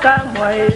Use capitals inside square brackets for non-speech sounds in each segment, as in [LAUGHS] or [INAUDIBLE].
kamwe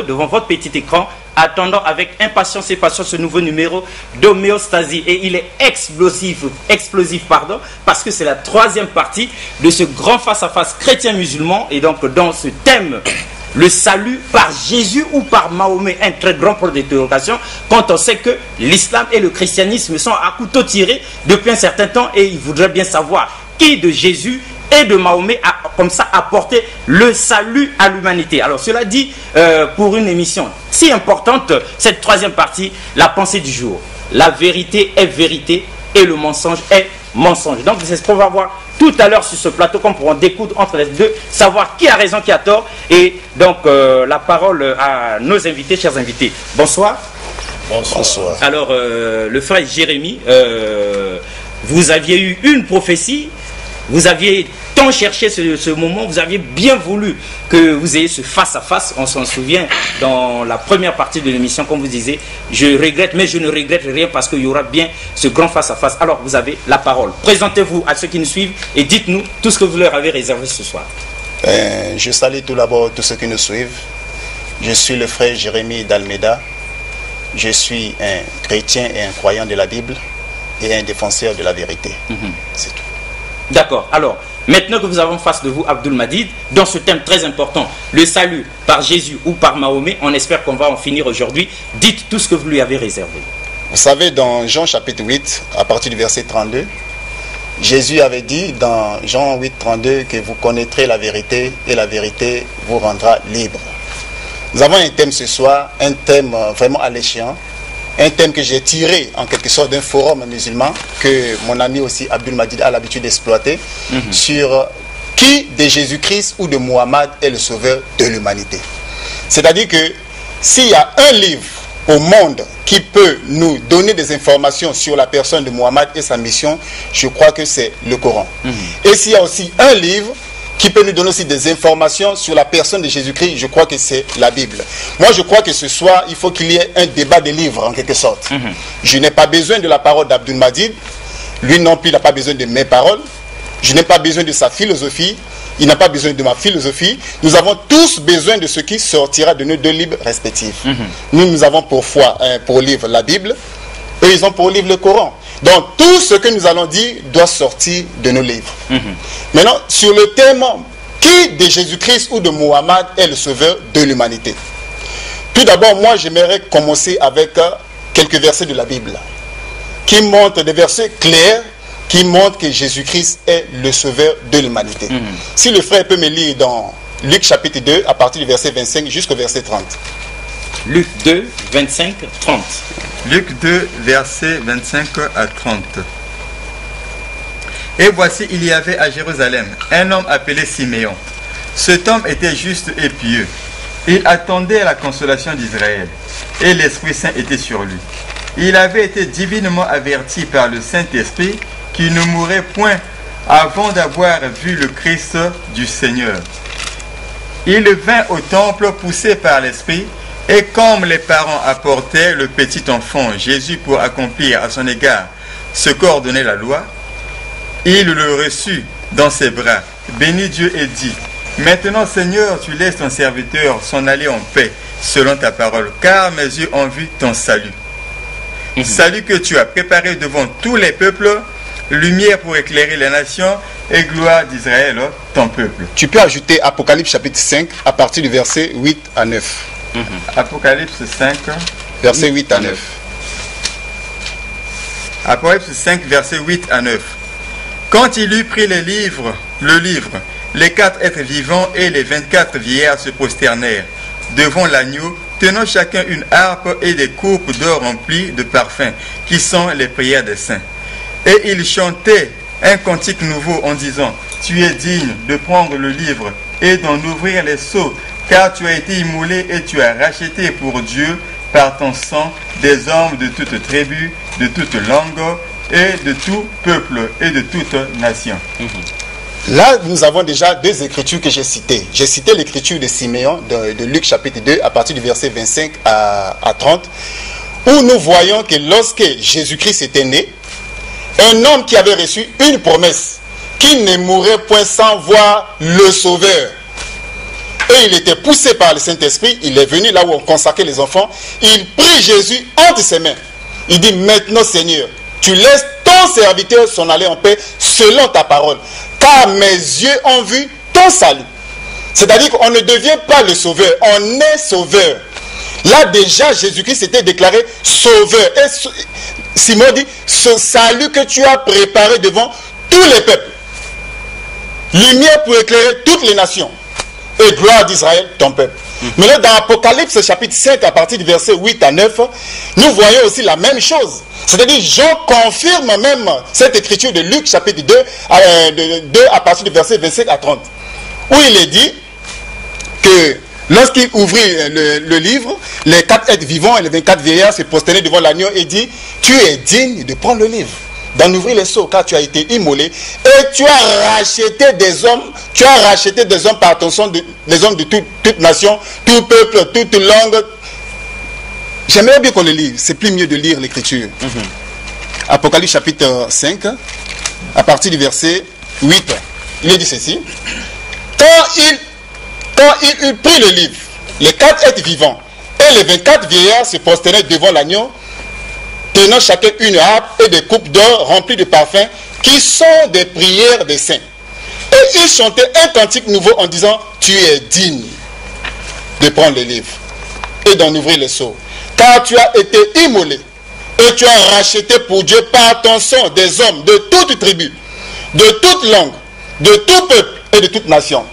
devant votre petit écran, attendant avec impatience et patience ce nouveau numéro d'homéostasie. Et il est explosif, explosif pardon, parce que c'est la troisième partie de ce grand face-à-face chrétien-musulman. Et donc, dans ce thème le salut par Jésus ou par Mahomet Un très grand point d'interrogation quand on sait que l'islam et le christianisme sont à couteau tiré depuis un certain temps et il voudrait bien savoir qui de Jésus et de Mahomet a comme ça apporté le salut à l'humanité. Alors cela dit, euh, pour une émission si importante, cette troisième partie, la pensée du jour. La vérité est vérité et le mensonge est mensonge. Donc c'est ce qu'on va voir tout à l'heure sur ce plateau, qu'on pourra en découdre entre les deux, savoir qui a raison, qui a tort. Et donc euh, la parole à nos invités, chers invités. Bonsoir. Bonsoir. Alors euh, le frère Jérémy, vous aviez eu une prophétie, vous aviez tant cherché ce, moment, vous aviez bien voulu que vous ayez ce face-à-face, on s'en souvient, dans la première partie de l'émission, comme vous disiez, je regrette, mais je ne regrette rien parce qu'il y aura bien ce grand face-à-face. Alors, vous avez la parole. Présentez-vous à ceux qui nous suivent et dites-nous tout ce que vous leur avez réservé ce soir. Euh, je salue tout d'abord tous ceux qui nous suivent. Je suis le frère Jérémy d'Almeda. Je suis un chrétien et un croyant de la Bible et un défenseur de la vérité. Mhm. C'est tout. D'accord. Alors, Maintenant que vous avez en face de vous Abdul Madid, dans ce thème très important, le salut par Jésus ou par Mahomet, on espère qu'on va en finir aujourd'hui. Dites tout ce que vous lui avez réservé. Vous savez, dans Jean chapitre 8, à partir du verset 32, Jésus avait dit dans Jean 8, 32 que vous connaîtrez la vérité et la vérité vous rendra libre. Nous avons un thème ce soir, un thème vraiment alléchant, un thème que j'ai tiré en quelque sorte d'un forum musulman que mon ami aussi Abdul Majid a l'habitude d'exploiter mhm. sur euh, qui de Jésus-Christ ou de Muhammad est le sauveur de l'humanité. C'est-à-dire que s'il y a un livre au monde qui peut nous donner des informations sur la personne de Muhammad et sa mission, je crois que c'est le Coran. Mhm. Et s'il y a aussi un livre qui peut nous donner aussi des informations sur la personne de Jésus-Christ, je crois que c'est la Bible. Moi, je crois que ce soir, il faut qu'il y ait un débat des livres, en quelque sorte. Mhm. Je n'ai pas besoin de la parole d'Abdul Madid. Lui non plus, n'a pas besoin de mes paroles. Je n'ai pas besoin de sa philosophie. Il n'a pas besoin de ma philosophie. Nous avons tous besoin de ce qui sortira de nos deux livres respectifs. Mhm. Nous, nous avons pour foi, hein, pour livre la Bible. Eux, ils ont pour livre le Coran. Donc tout ce que nous allons dire doit sortir de nos livres. Mhm. Maintenant, sur le thème qui de Jésus-Christ ou de Mohammed est le sauveur de l'humanité Tout d'abord, moi j'aimerais commencer avec euh, quelques versets de la Bible qui montrent des versets clairs qui montrent que Jésus-Christ est le sauveur de l'humanité. Mhm. Si le frère peut me lire dans Luc chapitre 2 à partir du verset 25 jusqu'au verset 30. Luc 2, 25, 30. Luc 2, verset 25 à 30. Et voici, il y avait à Jérusalem un homme appelé Siméon. Cet homme était juste et pieux. Il attendait la consolation d'Israël, et l'Esprit Saint était sur lui. Il avait été divinement averti par le Saint-Esprit qu'il ne mourrait point avant d'avoir vu le Christ du Seigneur. Il vint au temple poussé par l'Esprit, et comme les parents apportaient le petit enfant Jésus pour accomplir à son égard ce qu'ordonnait la loi, il le reçut dans ses bras, bénit Dieu et dit, Maintenant Seigneur, tu laisses ton serviteur s'en aller en paix, selon ta parole, car mes yeux ont vu ton salut. Mhm. Salut que tu as préparé devant tous les peuples, lumière pour éclairer les nations et gloire d'Israël, ton peuple. Tu peux ajouter Apocalypse chapitre 5 à partir du verset 8 à 9. Mhm. Apocalypse 5, versets 8 à 9. Apocalypse 5, versets 8 à 9. Quand il eut pris les livres, le livre, les quatre êtres vivants et les vingt-quatre vieillards se prosternèrent devant l'agneau, tenant chacun une harpe et des coupes d'or remplies de parfums, qui sont les prières des saints. Et ils chantaient un cantique nouveau en disant, Tu es digne de prendre le livre et d'en ouvrir les seaux car tu as été immolé et tu as racheté pour Dieu par ton sang des hommes de toute tribu, de toute langue et de tout peuple et de toute nation. Mhm. Là, nous avons déjà deux écritures que j'ai citées. J'ai cité l'écriture de Simeon, de, Luc chapitre 2, à partir du verset 25 à, à 30, où nous voyons que lorsque Jésus-Christ était né, un homme qui avait reçu une promesse, qu'il ne mourrait point sans voir le Sauveur, il était poussé par le Saint-Esprit, il est venu là où on consacrait les enfants, il prit Jésus entre ses mains. Il dit, maintenant Seigneur, tu laisses ton serviteur s'en aller en paix selon ta parole, car mes yeux ont vu ton salut. C'est-à-dire qu'on ne devient pas le sauveur, on est sauveur. Là déjà, Jésus-Christ était déclaré sauveur. Et Simon dit, ce salut que tu as préparé devant tous les peuples, lumière pour éclairer toutes les nations et gloire d'Israël, ton peuple. Mm. mais Maintenant, dans Apocalypse chapitre 5, à partir du verset 8 à 9, nous voyons aussi la même chose. C'est-à-dire, Jean confirme même cette écriture de Luc chapitre 2 à, 2, euh, à partir du verset 25 à 30, où il est dit que lorsqu'il ouvrit euh, le, livre, les quatre êtres vivants et les 24 vieillards se prosternaient devant l'agneau et dit, tu es digne de prendre le livre d'en ouvrir les seaux car tu as été immolé et tu as racheté des hommes, tu as racheté des hommes par ton sang, des hommes de toute nation, tout peuple, toute langue. J'aimerais bien qu'on le lise, c'est plus mieux de lire l'écriture. Mhm. Apocalypse chapitre 5, à partir du verset 8, il est dit ceci. Quand il, quand il eut pris le livre, les quatre êtres vivants et les 24 vieillards se prosternaient devant l'agneau tenant chacun une harpe et des coupes d'or remplies de parfums, qui sont des prières des saints. Et ils chantaient un cantique nouveau en disant, tu es digne de prendre les livres et d'en ouvrir les seaux. Car tu as été immolé et tu as racheté pour Dieu par ton sang des hommes de toute tribu, de toute langue, de tout peuple et de toute nation.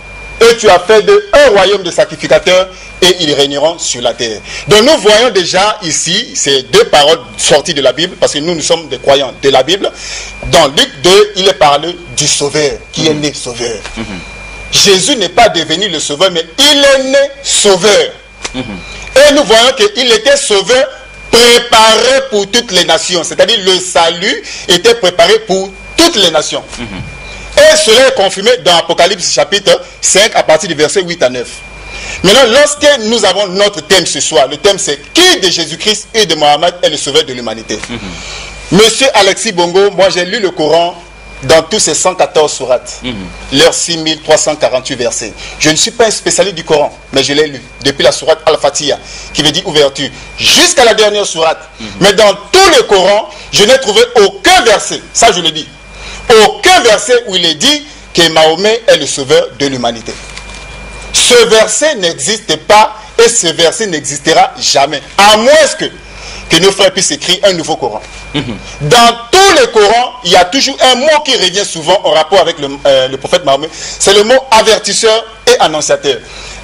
Et tu as fait de un royaume de sacrificateurs et ils régneront sur la terre. Donc nous voyons déjà ici ces deux paroles sorties de la Bible, parce que nous, nous sommes des croyants de la Bible. Dans Luc 2, il est parlé du Sauveur, qui est né Sauveur. Mhm. Jésus n'est pas devenu le Sauveur, mais il est né Sauveur. Mhm. Et nous voyons qu'il était Sauveur préparé pour toutes les nations. C'est-à-dire le salut était préparé pour toutes les nations. Mhm. Et cela est confirmé dans Apocalypse chapitre 5 à partir du verset 8 à 9. Maintenant, lorsque nous avons notre thème ce soir, le thème c'est qui de Jésus-Christ et de Mohamed est le sauveur de l'humanité mm-hmm. Monsieur Alexis Bongo, moi j'ai lu le Coran dans tous ces 114 sourates, mm-hmm. leurs 6348 versets. Je ne suis pas un spécialiste du Coran, mais je l'ai lu depuis la sourate Al-Fatiha, qui veut dire ouverture, jusqu'à la dernière sourate. Mm-hmm. Mais dans tout le Coran, je n'ai trouvé aucun verset, ça je le dis, aucun verset où il est dit que Mahomet est le sauveur de l'humanité. Ce verset n'existe pas et ce verset n'existera jamais. À moins que, que nos frères puissent écrire un nouveau Coran. Mhm. Dans tous les Corans, il y a toujours un mot qui revient souvent en rapport avec le euh, prophète Mahomet. C'est le mot avertisseur et annonciateur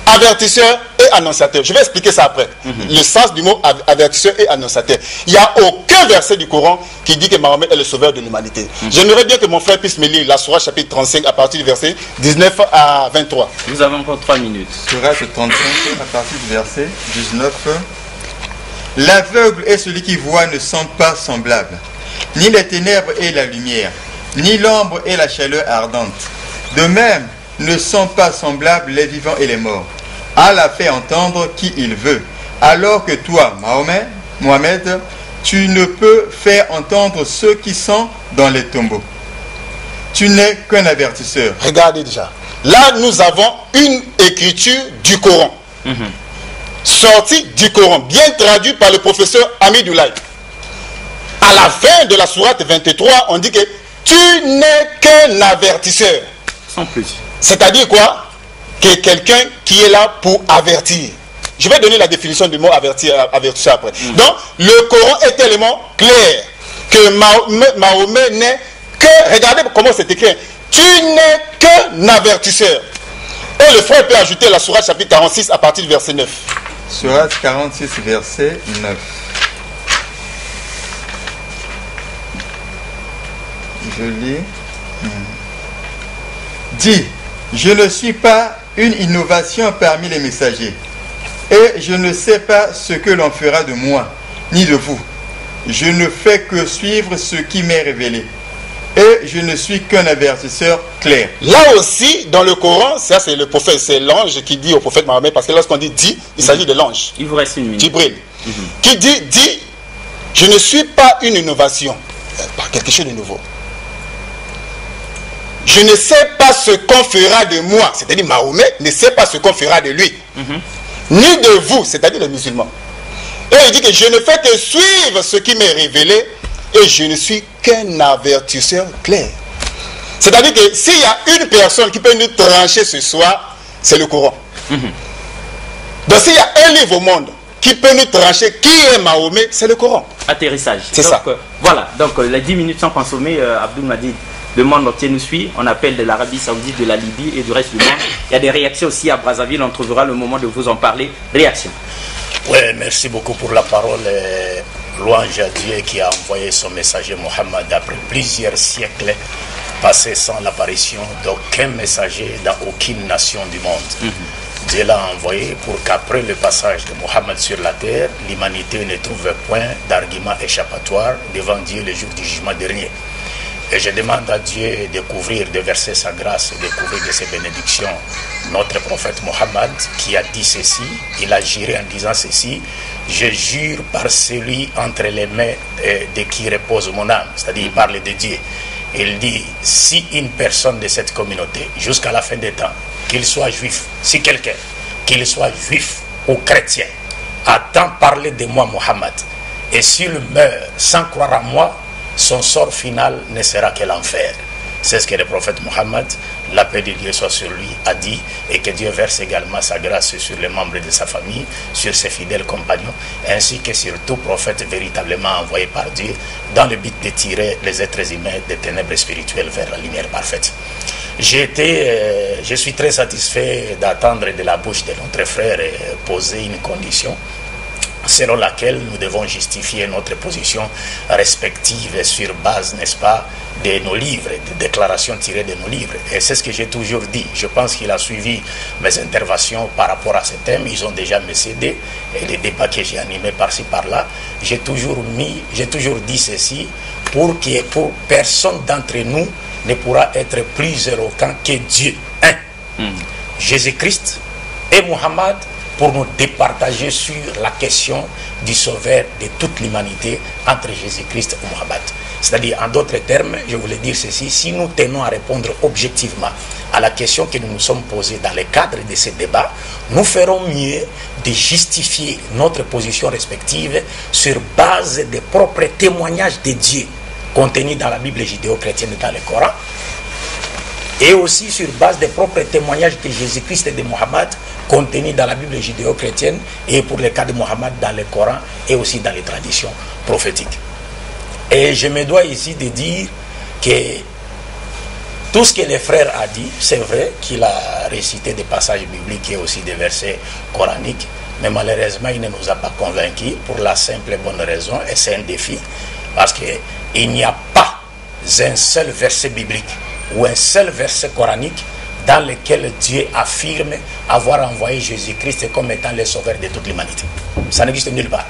avertisseur et annonciateur. Je vais expliquer ça après. Mhm. Le sens du mot avertisseur et annonciateur. Il n'y a aucun verset du Coran qui dit que Mahomet est le sauveur de l'humanité. Mhm. J'aimerais bien que mon frère puisse me lire la Sourate chapitre 35 à partir du verset 19 à 23. Nous avons encore 3 minutes. Sourate 35 à partir du verset 19. L'aveugle et celui qui voit ne sont pas semblables, ni les ténèbres et la lumière, ni l'ombre et la chaleur ardente. De même, ne sont pas semblables les vivants et les morts. Allah fait entendre qui il veut, alors que toi, Mahomet, Mohamed, tu ne peux faire entendre ceux qui sont dans les tombeaux. Tu n'es qu'un avertisseur. Regardez déjà. Là, nous avons une écriture du Coran. Mhm. Sortie du Coran, bien traduite par le professeur Amidoulaï. À la fin de la sourate 23, on dit que tu n'es qu'un avertisseur. Sans plus. C'est-à-dire quoi Que quelqu'un qui est là pour avertir. Je vais donner la définition du mot avertir, avertir après. Mm. Donc, le Coran est tellement clair que Mahomet n'est que, regardez comment c'est écrit, tu n'es qu'un avertisseur. Et le frère peut ajouter la Sourate chapitre 46 à partir du verset 9. Sourate 46, verset 9. Je lis. Hmm. Dis, je ne suis pas une innovation parmi les messagers. Et je ne sais pas ce que l'on fera de moi, ni de vous. Je ne fais que suivre ce qui m'est révélé. Et je ne suis qu'un avertisseur clair. Là aussi, dans le Coran, ça c'est le prophète, c'est l'ange qui dit au prophète Mahomet, parce que lorsqu'on dit dit, il s'agit mhm. de l'ange. Il vous reste mhm. Qui dit dit, je ne suis pas une innovation. Euh, pas quelque chose de nouveau je ne sais pas ce qu'on fera de moi, c'est-à-dire Mahomet ne sait pas ce qu'on fera de lui, mhm. ni de vous, c'est-à-dire les musulmans. Et il dit que je ne fais que suivre ce qui m'est révélé et je ne suis qu'un avertisseur clair. C'est-à-dire que s'il y a une personne qui peut nous trancher ce soir, c'est le Coran. Mhm. Donc s'il y a un livre au monde qui peut nous trancher qui est Mahomet, c'est le Coran. Atterrissage. C'est ça. Euh, voilà, donc euh, les 10 minutes sont consommées, euh, m'a dit... Le monde entier nous suit. On appelle de l'Arabie Saoudite, de la Libye et du reste du monde. Il y a des réactions aussi à Brazzaville. On trouvera le moment de vous en parler. Réaction. Oui, merci beaucoup pour la parole. Louange à Dieu qui a envoyé son messager Mohammed après plusieurs siècles passés sans l'apparition d'aucun messager dans aucune nation du monde. Mhm. Dieu l'a envoyé pour qu'après le passage de Mohammed sur la terre, l'humanité ne trouve point d'argument échappatoire devant Dieu le jour du jugement dernier. Et je demande à Dieu de couvrir, de verser sa grâce et de couvrir de ses bénédictions notre prophète Mohammed qui a dit ceci, il a juré en disant ceci, je jure par celui entre les mains de, qui repose mon âme, c'est-à-dire il parle de Dieu. Il dit, si une personne de cette communauté, jusqu'à la fin des temps, qu'il soit juif, si quelqu'un, qu'il soit juif ou chrétien, attend tant parlé de moi Mohammed, et s'il meurt sans croire à moi, son sort final ne sera que l'enfer. C'est ce que le prophète Mohammed, la paix de Dieu soit sur lui, a dit, et que Dieu verse également sa grâce sur les membres de sa famille, sur ses fidèles compagnons, ainsi que sur tout prophète véritablement envoyé par Dieu, dans le but de tirer les êtres humains des ténèbres spirituelles vers la lumière parfaite. Euh, je suis très satisfait d'attendre de la bouche de notre frère euh, poser une condition selon laquelle nous devons justifier notre position respective sur base, n'est-ce pas, de nos livres, des déclarations tirées de nos livres. Et c'est ce que j'ai toujours dit. Je pense qu'il a suivi mes interventions par rapport à ce thème. Ils ont déjà me cédé. Et les débats que j'ai animés par-ci, par-là, j'ai toujours mis, j'ai toujours dit ceci pour que pour personne d'entre nous ne pourra être plus éloquent que Dieu. Un. Hmm. Jésus-Christ et Mohammed pour nous départager sur la question du sauveur de toute l'humanité entre Jésus-Christ et Mohammed. C'est-à-dire, en d'autres termes, je voulais dire ceci, si nous tenons à répondre objectivement à la question que nous nous sommes posée dans le cadre de ce débat, nous ferons mieux de justifier notre position respective sur base des propres témoignages de Dieu contenus dans la Bible judéo-chrétienne et dans le Coran, et aussi sur base des propres témoignages de Jésus-Christ et de Mohammed Contenu dans la Bible judéo-chrétienne et pour le cas de Mohammed dans le Coran et aussi dans les traditions prophétiques. Et je me dois ici de dire que tout ce que le frère a dit, c'est vrai qu'il a récité des passages bibliques et aussi des versets coraniques, mais malheureusement, il ne nous a pas convaincus pour la simple et bonne raison, et c'est un défi, parce qu'il n'y a pas un seul verset biblique ou un seul verset coranique dans lequel Dieu affirme avoir envoyé Jésus-Christ comme étant le sauveur de toute l'humanité. Ça n'existe nulle part.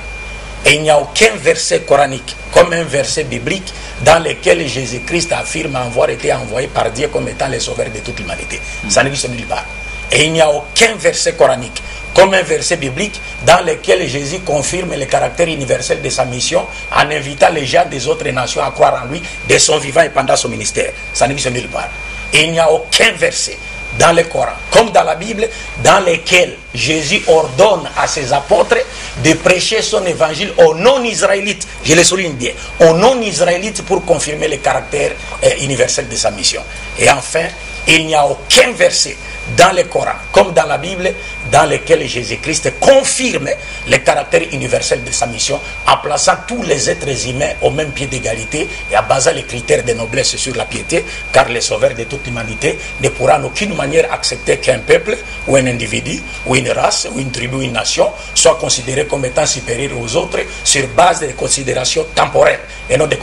Et il n'y a aucun verset coranique, comme un verset biblique, dans lequel Jésus-Christ affirme avoir été envoyé par Dieu comme étant le sauveur de toute l'humanité. Ça n'existe nulle part. Et il n'y a aucun verset coranique, comme un verset biblique, dans lequel Jésus confirme le caractère universel de sa mission en invitant les gens des autres nations à croire en lui de son vivant et pendant son ministère. Ça n'existe nulle part il n'y a aucun verset dans le Coran, comme dans la Bible, dans lequel Jésus ordonne à ses apôtres de prêcher son évangile aux non-israélites. Je le souligne bien, aux non-israélites pour confirmer le caractère euh, universel de sa mission. Et enfin, il n'y a aucun verset dans le Coran, comme dans la Bible, dans lequel Jésus-Christ confirme le caractère universel de sa mission en plaçant tous les êtres humains au même pied d'égalité et en basant les critères de noblesse sur la piété, car le sauveur de toute l'humanité ne pourra en aucune manière accepter qu'un peuple ou un individu ou une race ou une tribu ou une nation soit considéré comme étant supérieur aux autres sur base de considérations temporelles et non de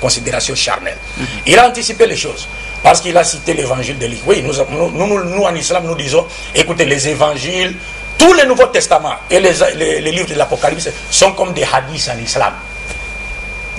considérations charnelles. Mm-hmm. Il a anticipé les choses parce qu'il a cité l'évangile de lui. Oui, nous, en islam, nous disons, écoutez, les évangiles, tous les Nouveaux Testaments et les livres de l'Apocalypse sont comme des hadiths en islam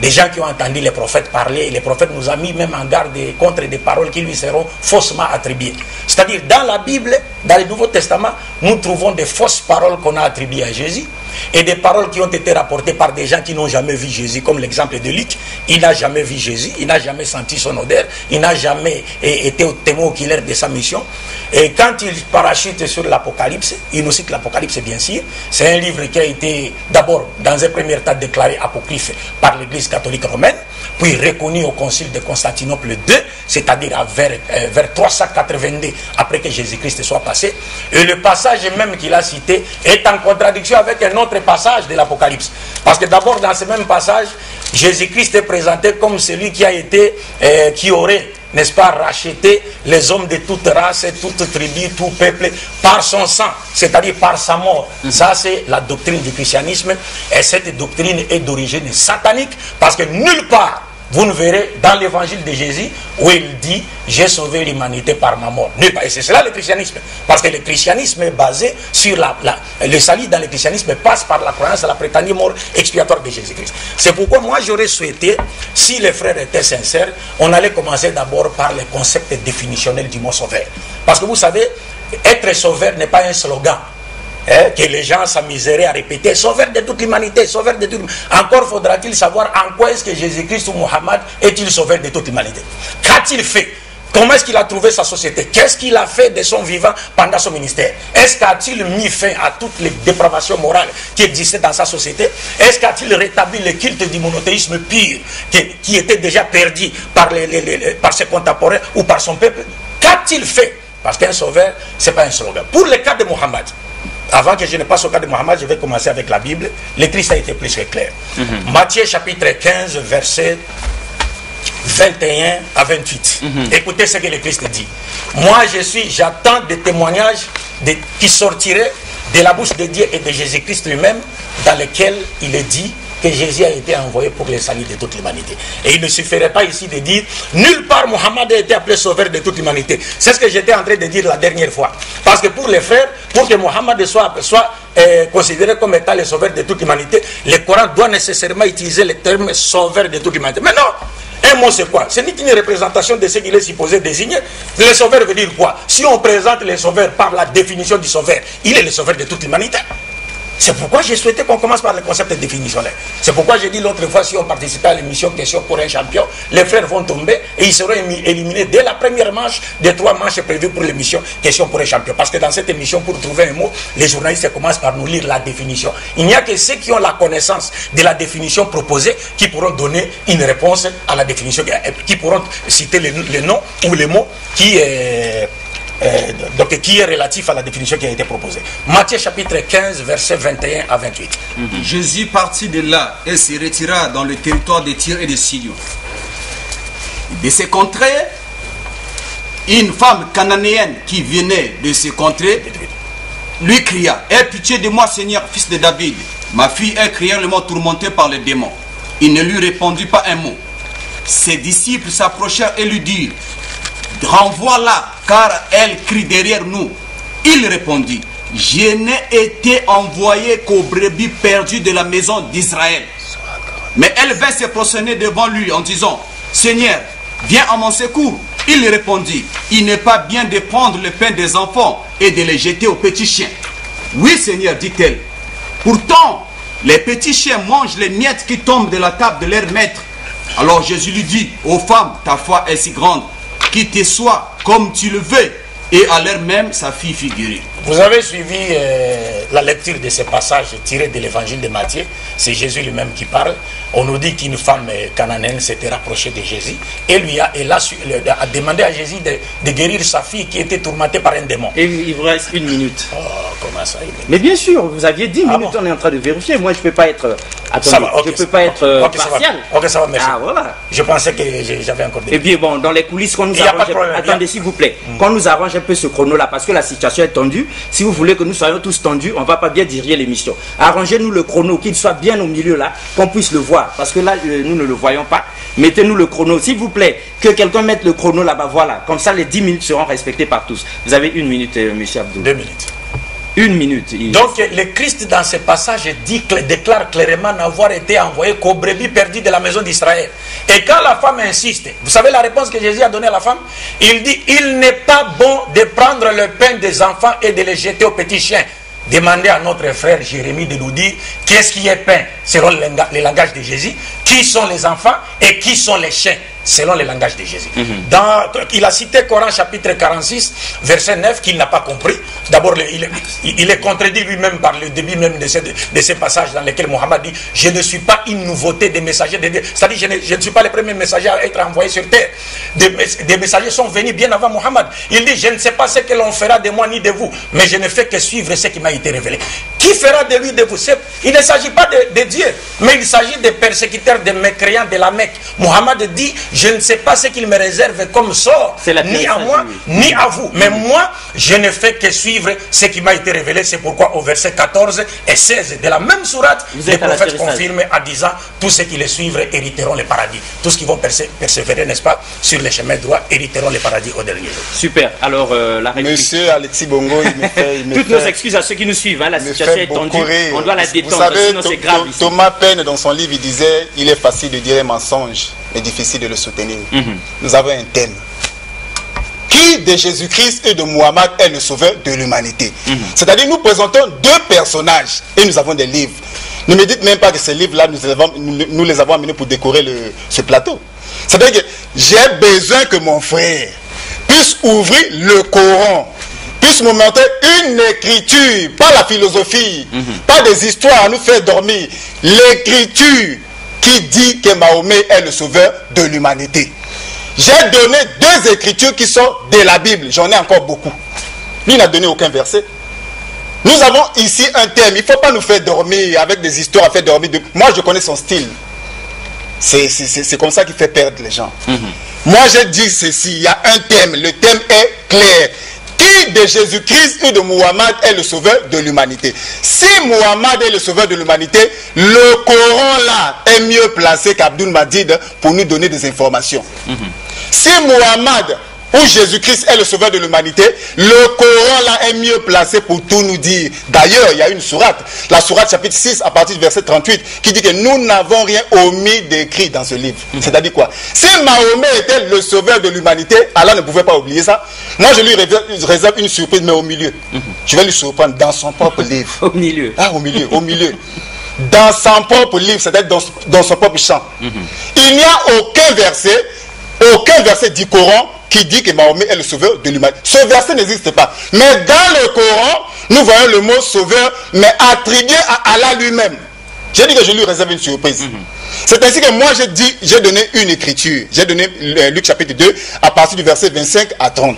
des gens qui ont entendu les prophètes parler, et les prophètes nous ont mis même en garde contre des paroles qui lui seront faussement attribuées. C'est-à-dire, dans la Bible, dans le Nouveau Testament, nous trouvons des fausses paroles qu'on a attribuées à Jésus, et des paroles qui ont été rapportées par des gens qui n'ont jamais vu Jésus, comme l'exemple de Luc. Il n'a jamais vu Jésus, il n'a jamais senti son odeur, il n'a jamais été au témoin oculaire de sa mission. Et quand il parachute sur l'Apocalypse, il nous cite l'Apocalypse bien sûr, c'est un livre qui a été d'abord, dans un premier temps, déclaré apocryphe par l'Église catholique romaine, puis reconnu au concile de Constantinople II, c'est-à-dire vers, 382 euh, après que Jésus-Christ soit passé. Et le passage même qu'il a cité est en contradiction avec un autre passage de l'Apocalypse. Parce que d'abord, dans ce même passage, Jésus-Christ est présenté comme celui qui a été, euh, qui aurait n'est-ce pas, racheter les hommes de toute race, toute tribu, tout peuple, par son sang, c'est-à-dire par sa mort. Mm-hmm. Ça, c'est la doctrine du christianisme. Et cette doctrine est d'origine satanique, parce que nulle part, vous le verrez dans l'évangile de Jésus où il dit J'ai sauvé l'humanité par ma mort. Et c'est cela le christianisme. Parce que le christianisme est basé sur la. le salut dans le christianisme passe par la croyance à la prétendue mort expiatoire de Jésus-Christ. C'est pourquoi moi j'aurais souhaité, si les frères étaient sincères, on allait commencer d'abord par le concept définitionnel du mot sauveur. Parce que vous savez, être sauveur n'est pas un slogan. Hein, que les gens s'amuseraient à répéter, sauveur de toute l'humanité, sauveur de toute Encore faudra-t-il savoir en quoi est-ce que Jésus-Christ ou Mohamed est-il sauveur de toute l'humanité Qu'a-t-il fait Comment est-ce qu'il a trouvé sa société Qu'est-ce qu'il a fait de son vivant pendant son ministère Est-ce qu'a-t-il mis fin à toutes les dépravations morales qui existaient dans sa société Est-ce qu'a-t-il rétabli le culte du monothéisme pur qui, était déjà perdu par, par ses contemporains ou par son peuple Qu'a-t-il fait Parce qu'un sauveur, ce n'est pas un slogan. Pour le cas de Mohamed avant que je ne passe au cas de Mohamed, je vais commencer avec la Bible. Le Christ a été plus que clair. Mhm. Matthieu chapitre 15, verset 21 à 28. Mhm. Écoutez ce que le Christ dit. Moi, je suis, j'attends des témoignages qui sortiraient de la bouche de Dieu et de Jésus-Christ lui-même, dans lesquels il est dit que Jésus a été envoyé pour les salut de toute l'humanité. Et il ne suffirait pas ici de dire, nulle part Mohammed a été appelé sauveur de toute l'humanité. C'est ce que j'étais en train de dire la dernière fois. Parce que pour les frères, pour que Mohammed soit, euh, considéré comme étant le sauveur de toute l'humanité, le Coran doit nécessairement utiliser le terme sauveur de toute l'humanité. Mais non un mot c'est quoi Ce n'est qu'une représentation de ce qu'il est supposé désigner. Le sauveur veut dire quoi Si on présente le sauveur par la définition du sauveur, il est le sauveur de toute l'humanité. C'est pourquoi j'ai souhaité qu'on commence par le concept définitionnel. C'est pourquoi j'ai dit l'autre fois, si on participait à l'émission Question pour un champion, les frères vont tomber et ils seront éliminés dès la première manche des trois manches prévues pour l'émission Question pour un champion. Parce que dans cette émission, pour trouver un mot, les journalistes commencent par nous lire la définition. Il n'y a que ceux qui ont la connaissance de la définition proposée qui pourront donner une réponse à la définition, qui pourront citer le nom noms ou les mots qui... est... Euh, euh, donc, qui est relatif à la définition qui a été proposée. Matthieu chapitre 15, verset 21 à 28. Mhm. Jésus partit de là et se retira dans le territoire de Tyr et de Sidon. De ses contrées, une femme cananéenne qui venait de ses contrées lui cria Aie pitié de moi, Seigneur, fils de David. Ma fille est cruellement tourmentée par les démons. Il ne lui répondit pas un mot. Ses disciples s'approchèrent et lui dirent renvoie-la, car elle crie derrière nous. Il répondit, je n'ai été envoyé qu'aux brebis perdus de la maison d'Israël. Mais elle vint se prosterner devant lui en disant, Seigneur, viens à mon secours. Il répondit, il n'est pas bien de prendre le pain des enfants et de les jeter aux petits chiens. Oui, Seigneur, dit-elle. Pourtant, les petits chiens mangent les miettes qui tombent de la table de leur maître. Alors Jésus lui dit, ô femme, ta foi est si grande, qui te soit comme tu le veux, et à l'heure même sa fille figurée. Vous avez suivi euh, la lecture de ce passage tiré de l'évangile de Matthieu. C'est Jésus lui-même qui parle. On nous dit qu'une femme euh, cananéenne s'était rapprochée de Jésus et lui a, a, demandé à Jésus de, guérir sa fille qui était tourmentée par un démon. Et il vous reste une minute. Oh, comment ça Mais bien sûr, vous aviez dix ah minutes, on est en train de vérifier. Moi, je ne peux pas être. Attendez, va, je peux pas être euh, ok, ça va, merci. Ah, voilà. Je pensais que j'avais encore des. Eh bien, bon, dans les coulisses, qu'on nous Attendez, s'il vous plaît. Quand hmm. Qu'on nous arrange un peu ce chrono-là parce que la situation est tendue. Si vous voulez que nous soyons tous tendus, on ne va pas bien diriger l'émission. Arrangez-nous le chrono, qu'il soit bien au milieu là, qu'on puisse le voir. Parce que là, euh, nous ne le voyons pas. Mettez-nous le chrono, s'il vous plaît. Que quelqu'un mette le chrono là-bas, voilà. Comme ça, les 10 minutes seront respectées par tous. Vous avez une minute, euh, monsieur Abdou. Deux minutes. Une minute. Donc le Christ dans ce passage dit, déclare clairement n'avoir été envoyé qu'aux brebis perdus de la maison d'Israël. Et quand la femme insiste, vous savez la réponse que Jésus a donnée à la femme Il dit, il n'est pas bon de prendre le pain des enfants et de les jeter aux petits chiens. Demandez à notre frère Jérémie de nous dire qu'est-ce qui est pain, selon le langage de Jésus, qui sont les enfants et qui sont les chiens selon le langage de Jésus. Mhm. il a cité Coran chapitre 46, verset 9, qu'il n'a pas compris. D'abord, il, est contredit lui-même par le début même de ces, de passages dans lesquels Mohammed dit « Je ne suis pas une nouveauté des messagers de Dieu. » C'est-à-dire, je, ne, suis pas le premier messager à être envoyé sur terre. Des, messagers sont venus bien avant Mohammed. Il dit « Je ne sais pas ce que l'on fera de moi ni de vous, mais je ne fais que suivre ce qui m'a été révélé. » Qui fera de lui de vous Il ne s'agit pas de, de Dieu, mais il s'agit des persécuteurs, des mécréants de la Mecque. Mohammed dit je ne sais pas ce qu'il me réserve comme sort, ni à moi, ni à vous. Mais moi, je ne fais que suivre ce qui m'a été révélé. C'est pourquoi au verset 14 et 16 de la même sourate, les prophètes confirment en disant, tous ceux qui les suivent hériteront le paradis. Tous ceux qui vont persévérer, n'est-ce pas, sur les chemins droits, hériteront le paradis au dernier jour. Super. Alors, euh, la réplique... Monsieur Alexis Bongo, il me fait... Toutes nos excuses à ceux qui nous suivent. Hein. la situation est tendue. On doit la détendre, Thomas Paine, dans son livre, il disait, il est facile de dire un mensonge difficile de le soutenir. Mhm. Nous avons un thème. Qui de Jésus-Christ et de Mohammed est le sauveur de l'humanité mhm. C'est-à-dire nous présentons deux personnages et nous avons des livres. Ne me dites même pas que ces livres-là, nous, nous, les avons amenés pour décorer le, ce plateau. C'est-à-dire que j'ai besoin que mon frère puisse ouvrir le Coran puisse nous montrer une écriture, pas la philosophie, mhm. pas des histoires à nous faire dormir. L'écriture qui dit que Mahomet est le sauveur de l'humanité. J'ai donné deux écritures qui sont de la Bible. J'en ai encore beaucoup. il n'a donné aucun verset. Nous avons ici un thème. Il ne faut pas nous faire dormir avec des histoires à faire dormir. Moi, je connais son style. C'est comme ça qu'il fait perdre les gens. Mhm. Moi, je dis ceci. Il y a un thème. Le thème est clair de Jésus-Christ ou de Muhammad est le sauveur de l'humanité. Si Muhammad est le sauveur de l'humanité, le Coran là est mieux placé qu'Abdul Madid pour nous donner des informations. Mhm. Si Muhammad où Jésus-Christ est le sauveur de l'humanité, le Coran là est mieux placé pour tout nous dire. D'ailleurs, il y a une sourate, la sourate chapitre 6 à partir du verset 38, qui dit que nous n'avons rien omis d'écrit dans ce livre. Mm. C'est-à-dire quoi Si Mahomet était le sauveur de l'humanité, Allah ne pouvait pas oublier ça. Moi, je lui réserve une surprise, mais au milieu. Mm-hmm. Je vais lui surprendre dans son propre [LAUGHS] livre. Au milieu. Ah, au milieu, au milieu. Dans son propre livre, c'est-à-dire dans, dans, son propre champ. Mm-hmm. Il n'y a aucun verset, aucun verset du Coran qui dit que Mahomet est le sauveur de l'humanité. Ce verset n'existe pas. Mais dans le Coran, nous voyons le mot sauveur, mais attribué à Allah lui-même. J'ai dit que je lui réserve une surprise. Mhm. C'est ainsi que moi j'ai dit, j'ai donné une écriture. J'ai donné euh, Luc chapitre 2 à partir du verset 25 à 30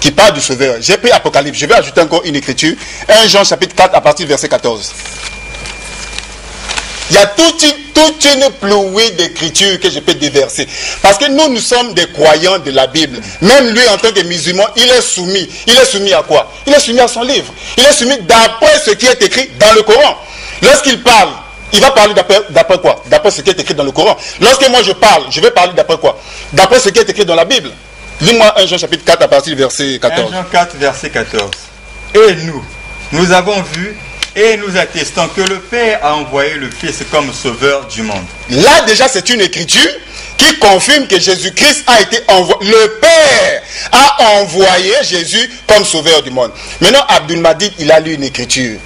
qui parle du sauveur. J'ai pris Apocalypse. Je vais ajouter encore une écriture. 1 Jean chapitre 4 à partir du verset 14. Il y a toute une, toute pluie d'écriture que je peux déverser. Parce que nous, nous sommes des croyants de la Bible. Même lui, en tant que musulman, il est soumis. Il est soumis à quoi Il est soumis à son livre. Il est soumis d'après ce qui est écrit dans le Coran. Lorsqu'il parle, il va parler d'après quoi D'après ce qui est écrit dans le Coran. Lorsque moi je parle, je vais parler d'après quoi D'après ce qui est écrit dans la Bible. Lis-moi 1 Jean chapitre 4 à partir du verset 14. 1 Jean 4, verset 14. Et nous, nous avons vu et nous attestons que le Père a envoyé le Fils comme sauveur du monde. Là déjà, c'est une écriture qui confirme que Jésus-Christ a été envoyé. Le Père a envoyé Jésus comme sauveur du monde. Maintenant, Abdul Madid, il a lu une écriture.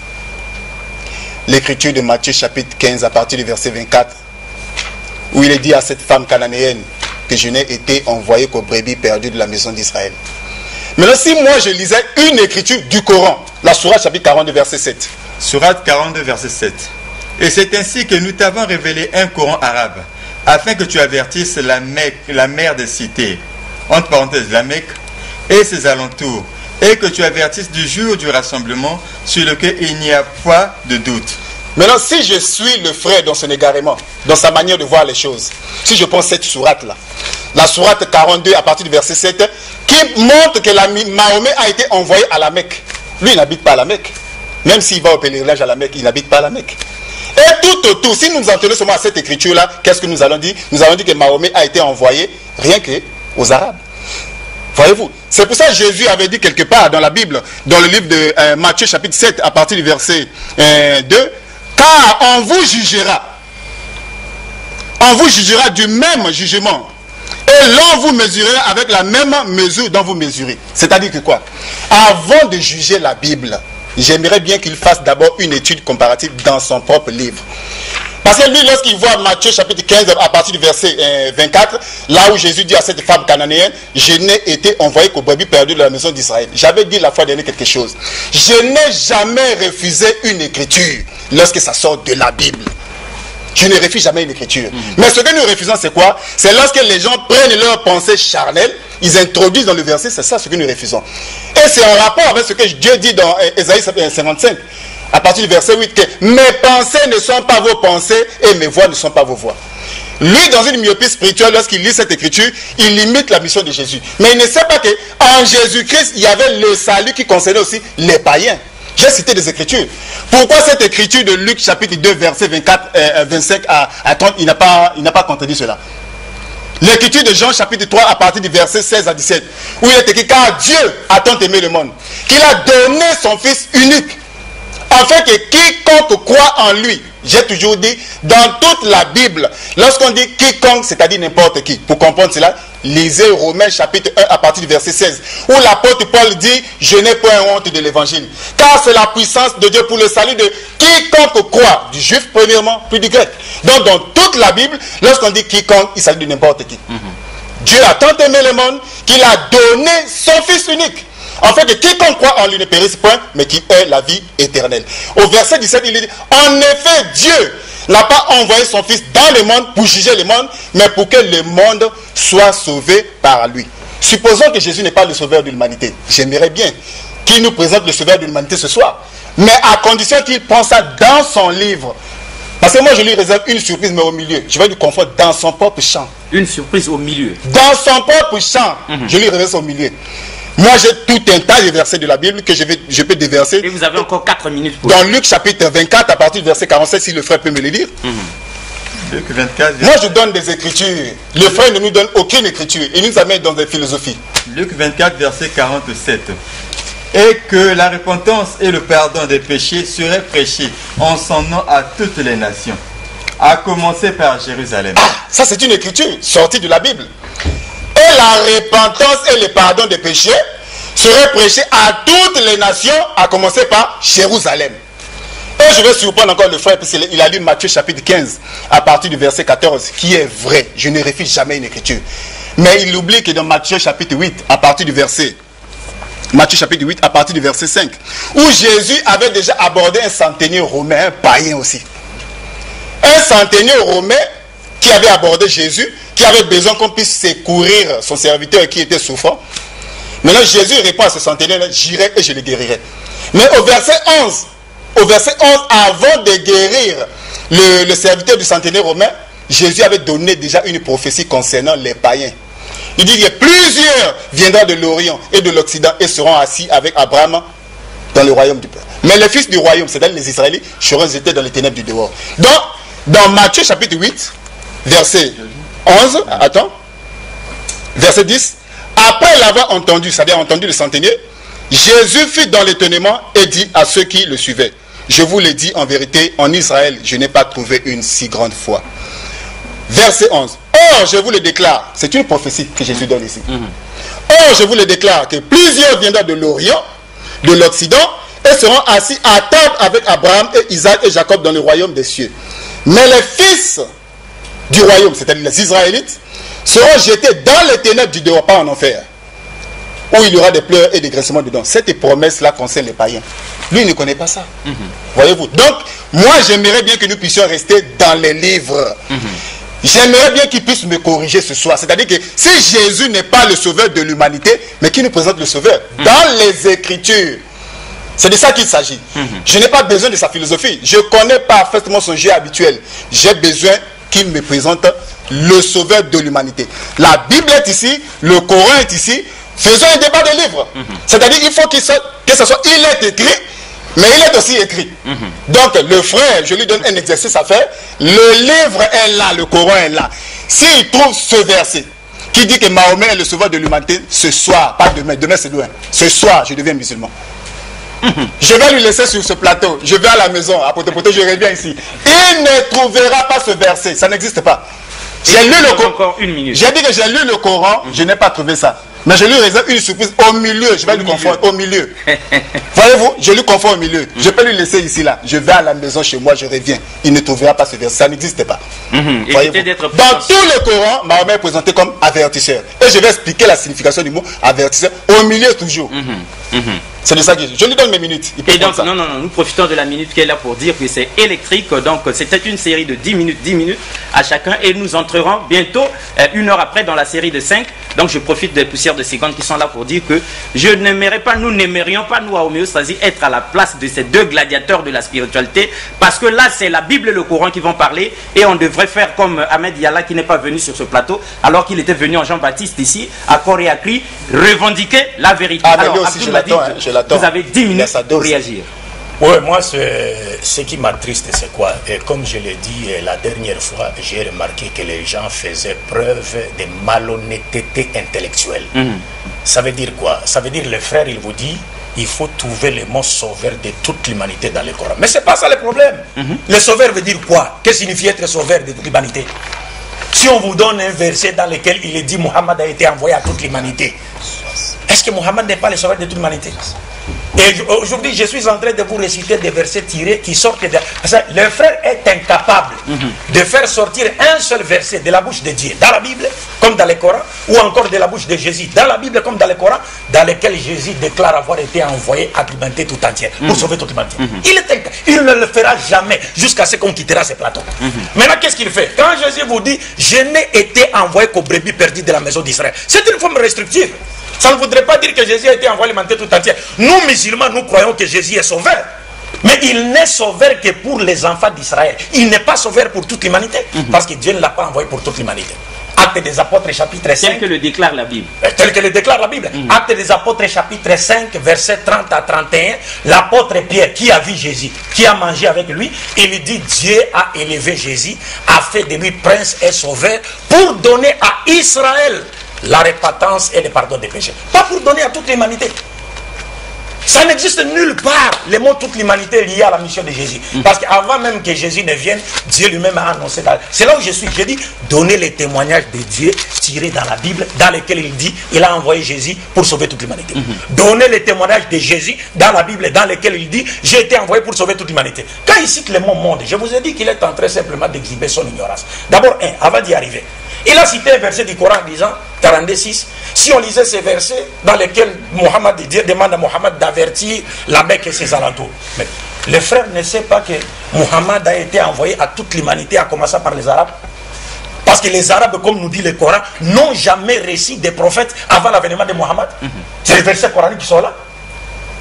L'écriture de Matthieu chapitre 15 à partir du verset 24, où il est dit à cette femme cananéenne que je n'ai été envoyé qu'au brebis perdues de la maison d'Israël. Maintenant, si moi je lisais une écriture du Coran, la Sourate chapitre 42, verset 7. Sourate 42, verset 7. Et c'est ainsi que nous t'avons révélé un Coran arabe, afin que tu avertisses la, Mecque, la mère des cités, entre parenthèses, la Mecque, et ses alentours, et que tu avertisses du jour du rassemblement sur lequel il n'y a pas de doute. Maintenant, si je suis le frère dans son égarément, dans sa manière de voir les choses, si je prends cette sourate-là, la sourate 42 à partir du verset 7, qui montre que Mahomet a été envoyé à la Mecque. Lui, il n'habite pas à la Mecque. Même s'il va au pèlerinage à la Mecque, il n'habite pas à la Mecque. Et tout autour, si nous nous en tenons seulement à cette écriture-là, qu'est-ce que nous allons dire Nous allons dire que Mahomet a été envoyé rien que aux Arabes. Voyez-vous C'est pour ça que Jésus avait dit quelque part dans la Bible, dans le livre de euh, Matthieu chapitre 7, à partir du verset 2, euh, Car on vous jugera. On vous jugera du même jugement et l'on vous mesurez avec la même mesure dont vous mesurez. C'est-à-dire que quoi Avant de juger la Bible, j'aimerais bien qu'il fasse d'abord une étude comparative dans son propre livre. Parce que lui, lorsqu'il voit Matthieu chapitre 15, à partir du verset 24, euh, là où Jésus dit à cette femme cananéenne, je n'ai été envoyé qu'au brebis perdu de la maison d'Israël. J'avais dit la fois dernière quelque chose. Je n'ai jamais refusé une écriture lorsque ça sort de la Bible. Je ne refuse jamais une écriture. Mais ce que nous refusons, c'est quoi C'est lorsque les gens prennent leurs pensées charnelles, ils introduisent dans le verset, c'est ça ce que nous refusons. Et c'est en rapport avec ce que Dieu dit dans euh, Ésaïe 55, à partir du verset 8, que mes pensées ne sont pas vos pensées et mes voix ne sont pas vos voix. Lui, dans une myopie spirituelle, lorsqu'il lit cette écriture, il limite la mission de Jésus. Mais il ne sait pas qu'en Jésus-Christ, il y avait le salut qui concernait aussi les païens. J'ai cité des Écritures. Pourquoi cette écriture de Luc chapitre 2, verset 24, 25 euh, euh, à, 30, il n'a pas, pas contredit cela L'écriture de Jean chapitre 3 à partir du verset 16 à 17, où il est écrit, car Dieu a tant aimé le monde, qu'il a donné son Fils unique, afin que quiconque croit en lui j'ai toujours dit, dans toute la Bible, lorsqu'on dit quiconque, c'est-à-dire n'importe qui, pour comprendre cela, lisez Romains chapitre 1 à partir du verset 16, où l'apôtre Paul dit, je n'ai point honte de l'évangile, car c'est la puissance de Dieu pour le salut de quiconque croit, du juif premièrement, puis du grec. Donc dans toute la Bible, lorsqu'on dit quiconque, il s'agit de n'importe qui. Mhm. Dieu a tant aimé le monde qu'il a donné son Fils unique fait, que quiconque croit en lui ne périsse point, mais qui ait la vie éternelle. Au verset 17, il dit, en effet, Dieu n'a pas envoyé son Fils dans le monde pour juger le monde, mais pour que le monde soit sauvé par lui. Supposons que Jésus n'est pas le sauveur de l'humanité. J'aimerais bien qu'il nous présente le sauveur de l'humanité ce soir, mais à condition qu'il prenne ça dans son livre. Parce que moi, je lui réserve une surprise, mais au milieu. Je vais lui confondre dans son propre champ. Une surprise au milieu. Dans son propre champ. Mhm. Je lui réserve au milieu. Moi, j'ai tout un tas de versets de la Bible que je, vais, je peux déverser. Et vous avez encore 4 minutes pour Dans Luc chapitre 24, à partir du verset 47, si le frère peut me les lire. Mm-hmm. Luc 24. Moi, je donne des écritures. Le frère ne nous donne aucune écriture. Il nous amène dans des philosophies. Luc 24, verset 47 et que la repentance et le pardon des péchés seraient prêchés en son nom à toutes les nations, à commencer par Jérusalem. Ah, ça c'est une écriture sortie de la Bible. Et la repentance et le pardon des péchés seraient prêchés à toutes les nations, à commencer par Jérusalem. Et je vais surprendre encore le frère, parce qu'il a lu Matthieu chapitre 15, à partir du verset 14, qui est vrai. Je ne réfute jamais une écriture. Mais il oublie que dans Matthieu chapitre 8, à partir du verset. Matthieu chapitre 8, à partir du verset 5, où Jésus avait déjà abordé un centenier romain, un païen aussi. Un centenier romain qui avait abordé Jésus, qui avait besoin qu'on puisse secourir son serviteur qui était souffrant. Maintenant, Jésus répond à ce centenaire, j'irai et je le guérirai. Mais au verset 11, au verset 11, avant de guérir le, serviteur du centenaire romain, Jésus avait donné déjà une prophétie concernant les païens. Il dit a plusieurs viendront de l'Orient et de l'Occident et seront assis avec Abraham dans le royaume du Père. Mais les fils du royaume, c'est-à-dire les Israélites, seront jetés dans les ténèbres du dehors. Donc, dans Matthieu chapitre 8, verset 11, attends, verset 10, après l'avoir entendu, c'est-à-dire entendu le centenier, Jésus fut dans l'étonnement et dit à ceux qui le suivaient, je vous l'ai dit en vérité, en Israël, je n'ai pas trouvé une si grande foi. Verset 11. Or, je vous le déclare, c'est une prophétie que Jésus donne ici. Mhm. Or, je vous le déclare que plusieurs viendront de l'Orient, de l'Occident, et seront assis à table avec Abraham et Isaac et Jacob dans le royaume des cieux. Mais les fils du royaume, c'est-à-dire les Israélites, seront jetés dans les ténèbres du dehors, pas en enfer, où il y aura des pleurs et des graissements dedans. Cette promesse-là concerne les païens. Lui, ne connaît pas ça. Mhm. Voyez-vous. Donc, moi, j'aimerais bien que nous puissions rester dans les livres. Mhm. J'aimerais bien qu'il puisse me corriger ce soir. C'est-à-dire que si Jésus n'est pas le sauveur de l'humanité, mais qui nous présente le sauveur mhm. dans les Écritures, c'est de ça qu'il s'agit. Je n'ai pas besoin de sa philosophie. Je connais parfaitement son jeu habituel. J'ai besoin qui me présente le sauveur de l'humanité. La Bible est ici, le Coran est ici. Faisons un débat de livres. Mhm. C'est-à-dire qu'il faut qu'il soit, que ce soit, il est écrit, mais il est aussi écrit. Mhm. Donc, le frère, je lui donne un exercice à faire. Le livre est là, le Coran est là. S'il trouve ce verset qui dit que Mahomet est le sauveur de l'humanité, ce soir, pas demain, demain c'est loin, ce soir, je deviens musulman. [LAUGHS] Je vais lui laisser sur ce plateau. Je vais à la maison, à côté, je reviens ici. Il ne trouvera pas ce verset. Ça n'existe pas. J'ai lu le Coran. J'ai dit que j'ai lu le Coran, mhm. je n'ai pas trouvé ça. Mais je lui réserve une surprise au milieu. Je vais lui confondre au milieu. [LAUGHS] Voyez-vous, je lui confonds au milieu. Mhm. Je peux lui laisser ici, là. Je vais à la maison chez moi, je reviens. Il ne trouvera pas ce verset. Ça n'existe pas. -hmm. Dans tout le Coran, Mahomet est présenté comme avertisseur. Et je vais expliquer la signification du mot avertisseur au milieu toujours. Mhm. C'est de ça je lui donne mes minutes. Non, non, non, nous profitons de la minute qui est là pour dire que c'est électrique. Donc, c'était une série de 10 minutes, 10 minutes à chacun. Et nous entrerons bientôt, euh, une heure après, dans la série de 5. Donc, je profite des poussières de secondes qui sont là pour dire que je n'aimerais pas, nous n'aimerions pas, nous, à homéostasie, être à la place de ces deux gladiateurs de la spiritualité. Parce que là, c'est la Bible et le Coran qui vont parler. Et on devrait faire comme Ahmed Yala qui n'est pas venu sur ce plateau, alors qu'il était venu en Jean-Baptiste ici, à Coréacri, revendiquer la vérité. Ah, je hein, vous avez 10 minutes pour réagir. Oui, moi, ce qui m'attriste, c'est quoi et Comme je l'ai dit euh, la dernière fois, j'ai remarqué que les gens faisaient preuve de malhonnêteté intellectuelle. Hum. Ça veut dire quoi Ça veut dire, le frère, il vous dit, il faut trouver le mot sauveur de toute l'humanité dans le Coran. Mais ce n'est pas ça le problème. Hum hum. Le sauveur veut dire quoi Que signifie être sauveur de toute l'humanité Si on vous donne un verset dans lequel il est dit, Mohammed a été envoyé à toute l'humanité, est-ce que Mohamed n'est pas le sauveur de toute humanité Et aujourd'hui, je suis en train de vous réciter des versets tirés qui sortent de... le frère est incapable mhm. de faire sortir un seul verset de la bouche de Dieu, dans la Bible, comme dans le Coran, ou encore de la bouche de Jésus, dans la Bible, comme dans le Coran, dans lequel Jésus déclare avoir été envoyé, à l'humanité tout entière, pour mhm. sauver toute l'humanité. Mhm. il, est... il ne le fera jamais jusqu'à ce qu'on quittera ce plateau. Maintenant, qu'est-ce qu'il fait Quand Jésus vous dit, je n'ai été envoyé qu'aux brebis perdus de la maison d'Israël, c'est une forme restrictive. Ça ne voudrait pas dire que Jésus a été envoyé tout entier. Nous, musulmans, nous croyons que Jésus est sauveur. Mais il n'est sauveur que pour les enfants d'Israël. Il n'est pas sauveur pour toute l'humanité. Mhm. Parce que Dieu ne l'a pas envoyé pour toute l'humanité. Acte des apôtres chapitre 5. Eh, tel que le déclare la Bible. Tel que le déclare la Bible. Acte des apôtres chapitre 5, verset 30 à 31. L'apôtre Pierre, qui a vu Jésus, qui a mangé avec lui, il lui dit Dieu a élevé Jésus, a fait de lui prince et sauveur pour donner à Israël la repentance et le pardon des péchés. Pas pour donner à toute l'humanité. Ça n'existe nulle part les mots toute l'humanité liés à la mission de Jésus. Mm. Parce qu'avant même que Jésus ne vienne, Dieu lui-même a annoncé. C'est là où je suis. J'ai dit, donner les témoignages de Dieu tirés dans la Bible, dans lesquels il dit, il a envoyé Jésus pour sauver toute l'humanité. Mm-hmm. Donnez Donner les témoignages de Jésus dans la Bible, dans lesquels il dit, j'ai été envoyé pour sauver toute l'humanité. Quand il cite le mot monde, je vous ai dit qu'il est en train simplement d'exhiber son ignorance. D'abord, un, avant d'y arriver, il a cité un verset du Coran disant, 46, si on lisait ces versets dans lesquels Mohammed demande à Mohammed d'avertir la Mecque et ses alentours. Mais les frères ne savent pas que Mohammed a été envoyé à toute l'humanité, à commencer par les Arabes. Parce que les Arabes, comme nous dit le Coran, n'ont jamais récit des prophètes avant l'avènement de Mohammed. Mhm. C'est les versets coraniques qui sont là.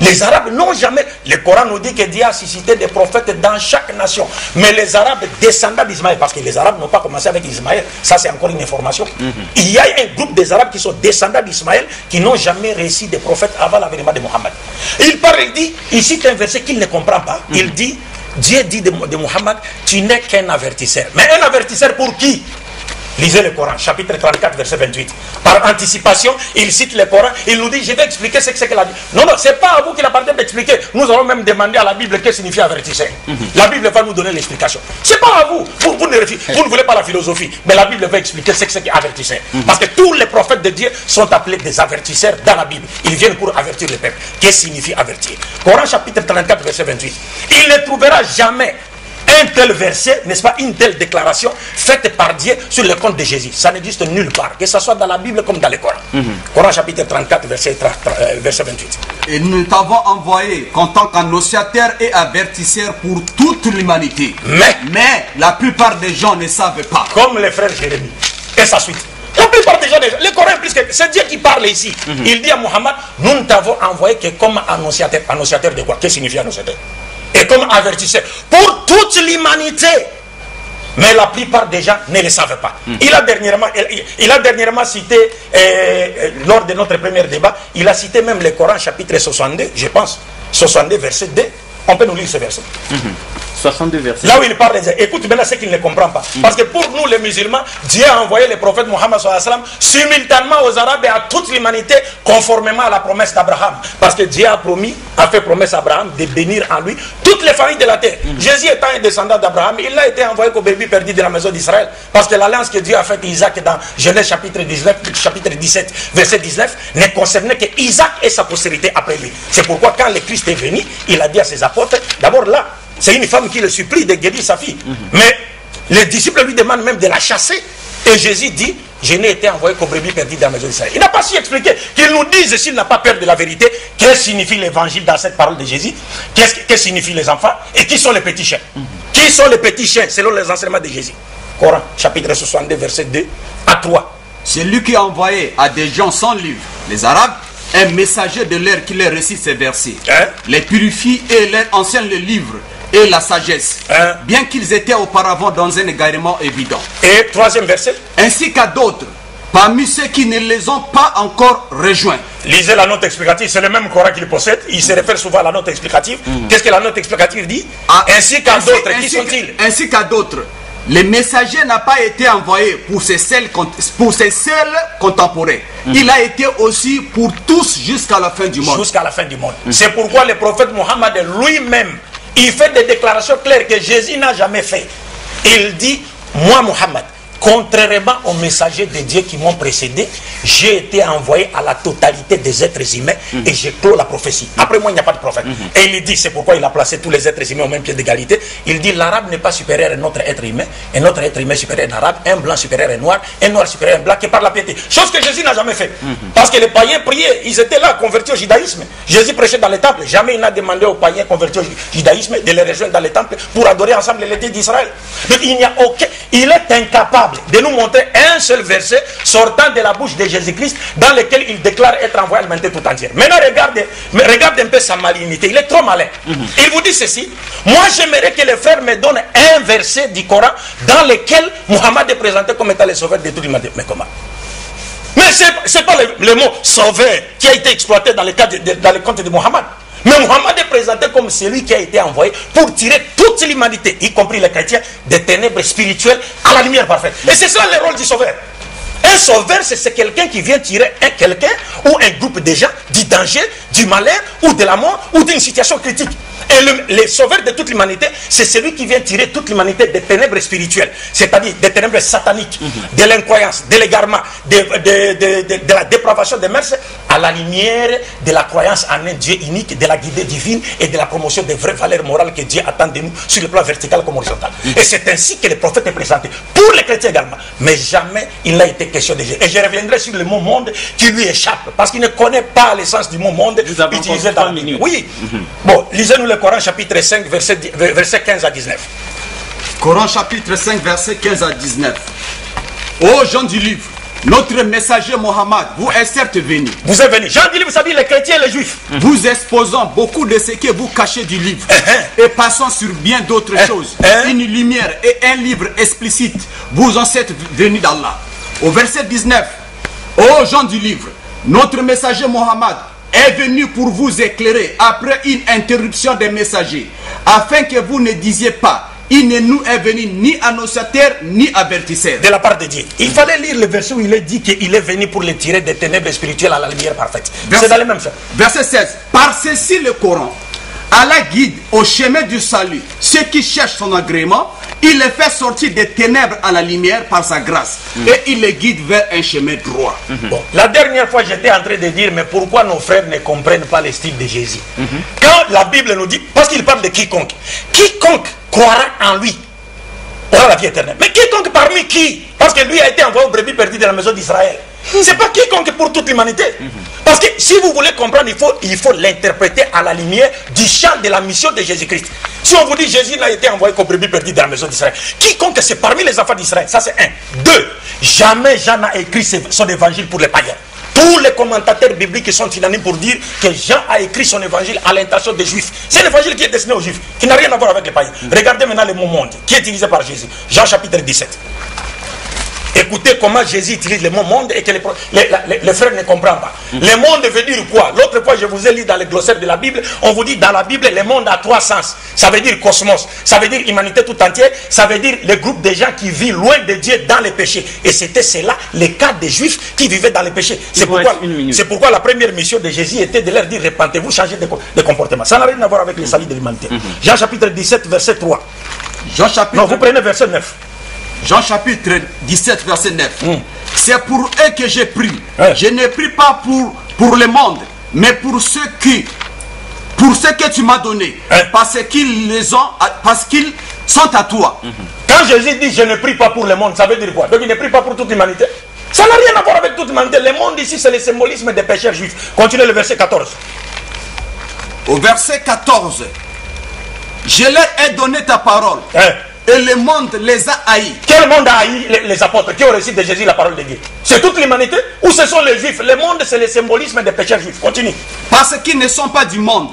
Les Arabes n'ont jamais. Le Coran nous dit que Dieu a suscité des prophètes dans chaque nation. Mais les Arabes descendants d'Ismaël, parce que les Arabes n'ont pas commencé avec Ismaël, ça c'est encore une information. Mhm. Il y a un groupe des Arabes qui sont descendants d'Ismaël qui n'ont jamais réussi des prophètes avant l'avènement de Mohammed. Il parle, il dit, il cite un verset qu'il ne comprend pas. Il mhm. dit Dieu dit de, de Mohammed, tu n'es qu'un avertisseur. Mais un avertisseur pour qui Lisez le Coran, chapitre 34, verset 28. Par anticipation, il cite le Coran, il nous dit, je vais expliquer ce que c'est que la Bible. Non, non, c'est pas à vous qu'il appartient d'expliquer. Nous allons même demander à la Bible que signifie avertisseur. Mhm. La Bible va nous donner l'explication. n'est pas à vous. Vous, ne, eh. vous, voulez pas la philosophie, mais la Bible va expliquer ce que c'est qu'avertisseur. Mhm. Parce que tous les prophètes de Dieu sont appelés des avertisseurs dans la Bible. Ils viennent pour avertir le peuple. Qu'est-ce que signifie avertir Coran, chapitre 34, verset 28. Il ne trouvera jamais un tel verset, n'est-ce pas, une telle déclaration faite par Dieu sur le compte de Jésus. Ça n'existe nulle part, que ce soit dans la Bible comme dans le Coran. Mhm. Coran chapitre 34, verset, 28. Euh, et nous t'avons envoyé en tant qu'annonciateur et avertisseur pour toute l'humanité. Mais, la plupart des gens ne savent pas. Comme le frère Jérémie et sa suite. La plupart des gens, les Coran C'est Dieu qui parle ici. Mhm. Il dit à Muhammad, nous ne t'avons envoyé que comme annonciateur. Annonciateur de quoi Qu'est-ce que signifie annonciateur et comme avertisseur pour toute l'humanité. Mais la plupart des gens ne le savent pas. Hmm. Il, a dernièrement, a dernièrement cité, eh, eh, lors de notre premier débat, il a cité même le Coran chapitre 62, je pense, 62 verset 2 on peut nous lire ce verset. 62 versets. Là où il parle, écoute maintenant c'est qu'il ne comprend pas. Mhm. Parce que pour nous, les musulmans, Dieu a envoyé le prophète Mohammed simultanément aux Arabes et à toute l'humanité, conformément à la promesse d'Abraham. Parce que Dieu a promis, a fait promesse à Abraham de bénir en lui toutes les familles de la terre. Mhm. Jésus étant un descendant d'Abraham, il a été envoyé qu'au bébé perdu de la maison d'Israël. Parce que l'alliance que Dieu a faite Isaac dans Genèse chapitre 19, chapitre 17, verset 19, n'est concernait que Isaac et sa postérité après lui. C'est pourquoi quand le Christ est venu, il a dit à ses apôtres, d'abord là, c'est une femme qui le supplie de guérir sa fille. Mhm. Mais les disciples lui demandent même de la chasser. Et Jésus dit, je n'ai été envoyé qu'au brebis perdu dans la maison d'Israël. Il n'a pas su expliquer qu'il nous dise, s'il n'a pas peur de la vérité, qu'est-ce signifie l'évangile dans cette parole de Jésus, qu'est-ce que signifie les enfants et qui sont les petits chiens. Mhm. Qui sont les petits chiens selon les enseignements de Jésus. Coran, chapitre 62, verset 2 à 3. C'est lui qui a envoyé à des gens sans livre, les Arabes, un messager de l'air qui les récite ces versets. Hein? Les purifie et leur enseigne le livre et la sagesse. Hein? Bien qu'ils étaient auparavant dans un égarement évident. Et troisième verset. Ainsi qu'à d'autres parmi ceux qui ne les ont pas encore rejoints. Lisez la note explicative, c'est le même Coran qu'il possède. Il se réfère souvent à la note explicative. Mm. Qu'est-ce que la note explicative dit ah, Ainsi qu'à d'autres, qui sont-ils Ainsi qu'à d'autres, le messager n'a pas été envoyé pour ses seuls, pour contemporains. Mhm. Il a été aussi pour tous jusqu'à la fin du monde. Jusqu'à la fin du monde. Mhm. C'est pourquoi le prophète Mohammed lui-même, il fait des déclarations claires que Jésus n'a jamais fait. Il dit, moi Mohammed, Contrairement aux messagers de Dieu qui m'ont précédé, j'ai été envoyé à la totalité des êtres humains mm-hmm. et j'ai clos la prophétie. Après moi, il n'y a pas de prophète. Mm-hmm. Et il dit, c'est pourquoi il a placé tous les êtres humains au même pied d'égalité. Il dit, l'arabe n'est pas supérieur à notre être humain, et notre être humain supérieur à l'arabe, un blanc supérieur à un noir, un noir supérieur à un blanc, qui par la piété. Chose que Jésus n'a jamais fait. Mm-hmm. Parce que les païens priaient, ils étaient là, convertis au judaïsme. Jésus prêchait dans les temples. Jamais il n'a demandé aux païens convertis au judaïsme de les rejoindre dans les temples pour adorer ensemble les d'Israël. il n'y a aucun... Il est incapable de nous montrer un seul verset sortant de la bouche de Jésus-Christ dans lequel il déclare être envoyé à l'humanité tout entière. Maintenant, regardez, un peu sa malignité. Il est trop malin. Mhm. Il vous dit ceci. Moi, j'aimerais que les frères me donnent un verset du Coran dans lequel Muhammad est présenté comme étant le sauveur de tout l'humanité. Mais comment Mais ce n'est pas le, mot sauveur qui a été exploité dans le, cas de, dans le compte de mais Muhammad est présenté comme celui qui a été envoyé pour tirer toute l'humanité, y compris les chrétiens, des ténèbres spirituelles à la lumière parfaite. Et c'est ça le rôle du sauveur. Un sauveur, c'est quelqu'un qui vient tirer un quelqu'un ou un groupe de gens du danger, du malheur ou de la mort ou d'une situation critique. Et le, sauveur de toute l'humanité, c'est celui qui vient tirer toute l'humanité des ténèbres spirituelles, c'est-à-dire des ténèbres sataniques, mhm. de l'incroyance, de l'égarement, de, la dépravation des mœurs, à la lumière de la croyance en un Dieu unique, de la guidée divine et de la promotion des vraies valeurs morales que Dieu attend de nous sur le plan vertical comme horizontal. Mhm. Et c'est ainsi que le prophète est présenté, pour les chrétiens également. Mais jamais il n'a été et je reviendrai sur le mot monde qui lui échappe, parce qu'il ne connaît pas l'essence du mot monde utilisé dans Oui. Bon, lisez-nous le Coran chapitre 5, verset, 15 à 19. Coran chapitre 5, verset 15 à 19. Ô gens du livre, notre messager Mohammed vous êtes certes venu. Vous êtes venu. Jean du livre, ça dit les chrétiens et les juifs. Mmh. Vous exposant beaucoup de ce que vous cachez du livre eh, eh. et passant sur bien d'autres eh, choses. Une lumière et un livre explicite vous en êtes venu d'Allah au verset 19, aux gens du livre, notre messager Mohammed est venu pour vous éclairer après une interruption des messagers, afin que vous ne disiez pas il ne nous est venu ni annonciateur ni avertisseur. De la part de Dieu. Il fallait lire le verset où il est dit qu'il est venu pour les tirer des ténèbres spirituelles à la lumière parfaite. C'est dans le même sens. Verset 16. Par ceci le Coran, Allah guide au chemin du salut ceux qui cherchent son agrément il les fait sortir des ténèbres à la lumière par sa grâce. Mm. Et il les guide vers un chemin droit. Mm-hmm. la dernière fois, j'étais en train de dire, mais pourquoi nos frères ne comprennent pas le style de Jésus mm-hmm. Quand la Bible nous dit, parce qu'il parle de quiconque, quiconque croira en lui aura la vie éternelle. Mais quiconque parmi qui Parce que lui a été envoyé au brebis perdu de la maison d'Israël. C'est pas quiconque pour toute l'humanité. Mhm. Parce que si vous voulez comprendre, il faut il faut l'interpréter à la lumière du champ de la mission de Jésus-Christ. Si on vous dit Jésus n'a été envoyé qu'au brebis perdu de la maison d'Israël, quiconque c'est parmi les enfants d'Israël, ça c'est un. Deux, jamais Jean n'a écrit son évangile pour les païens. Tous les commentateurs bibliques sont unanimes pour dire que Jean a écrit son évangile à l'intention des juifs. C'est l'évangile qui est destiné aux juifs, qui n'a rien à voir avec les païens. Mhm. Regardez maintenant le mot monde, qui est utilisé par Jésus. Jean chapitre 17. Écoutez comment Jésus utilise le mot monde et que les, frères ne comprennent pas. Mm. Le monde veut dire quoi L'autre fois, je vous ai lu dans les glossaires de la Bible, on vous dit dans la Bible, le monde a trois sens. Ça veut dire cosmos, ça veut dire humanité tout entière, ça veut dire le groupe des gens qui vivent loin de Dieu dans les péchés. Et c'était cela, le cas des Juifs qui vivaient dans les péchés. C'est pourquoi, pourquoi, la première mission de Jésus était de leur dire, repentez-vous, changez de, comportement. Ça n'a rien à voir avec les salut de l'humanité. Mm-hmm. Jean chapitre 17, verset 3. Jean chapitre... Non, vous prenez verset 9. Jean chapitre 17, verset 9. Hmm. C'est pour eux que j'ai pris. Je ne prie pas pour, pour le monde, mais pour ceux qui, pour ceux que tu m'as donné, parce qu'ils les ont, parce qu'ils sont à toi. Mhm. Quand Jésus dit je ne prie pas pour le monde, ça veut dire quoi Donc il ne prie pas pour toute l'humanité. Ça n'a rien à voir avec toute l'humanité. Le monde ici, c'est le symbolisme des pécheurs juifs. Continuez le verset 14. Au verset 14, je leur ai donné ta parole. Et le monde les a haïs. Quel monde a haï les, apôtres qui ont reçu de Jésus la parole de Dieu C'est toute l'humanité ou ce sont les juifs Le monde, c'est le symbolisme des pécheurs juifs. Continue. Parce qu'ils ne sont pas du monde.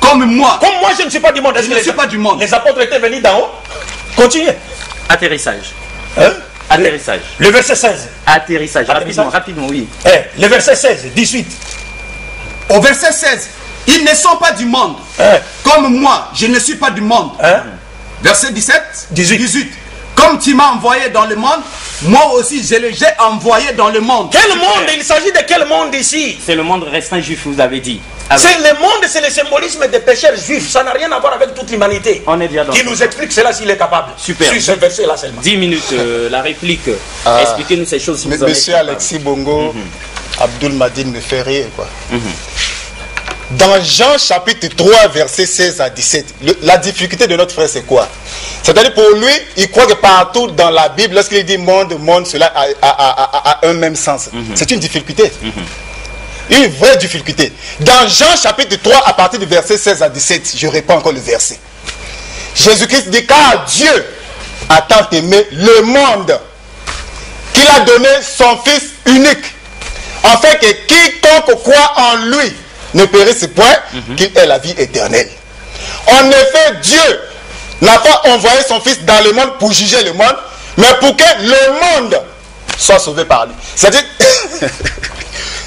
Comme moi. Comme moi, je ne suis pas du monde. Je ne suis pas du monde. Les apôtres étaient venus d'en haut. Continue. Atterrissage. Hein Atterrissage. Le, verset 16. Atterrissage. Rapidement, rapidement, oui. Eh, le verset 16, 18. Au verset 16, ils ne sont pas du monde. Eh. Comme moi, je ne suis pas du monde. Hein Verset 17, 18. 18. Comme tu m'as envoyé dans le monde, moi aussi je l'ai envoyé dans le monde. Quel monde Il s'agit de quel monde ici C'est le monde restant juif, vous avez dit. Ah c'est le monde, c'est le symbolisme des pécheurs juifs. Ça n'a rien à voir avec toute l'humanité. On est bien dans Qui nous explique cela s'il est capable. Super. Sur ce verset-là seulement. 10 minutes, euh, la réplique. Ah. Expliquez-nous ces choses si vous Monsieur Alexis Bongo, mhm. Abdul Madin ne fait rien Quoi. Mhm dans Jean chapitre 3, verset 16 à 17, la difficulté de notre frère, c'est quoi C'est-à-dire pour lui, il croit que partout dans la Bible, lorsqu'il dit monde, monde, cela a, un même sens. Mhm. C'est une difficulté. Mhm. Une vraie difficulté. Dans Jean chapitre 3, à partir du verset 16 à 17, je réponds encore le verset. Jésus-Christ dit, car Dieu a tant aimé le monde qu'il a donné son Fils unique, afin que quiconque croit en lui, ne périsse point, mhm. qu'il ait la vie éternelle. En effet, Dieu n'a pas envoyé son Fils dans le monde pour juger le monde, mais pour que le monde soit sauvé par lui. C'est-à-dire, [LAUGHS]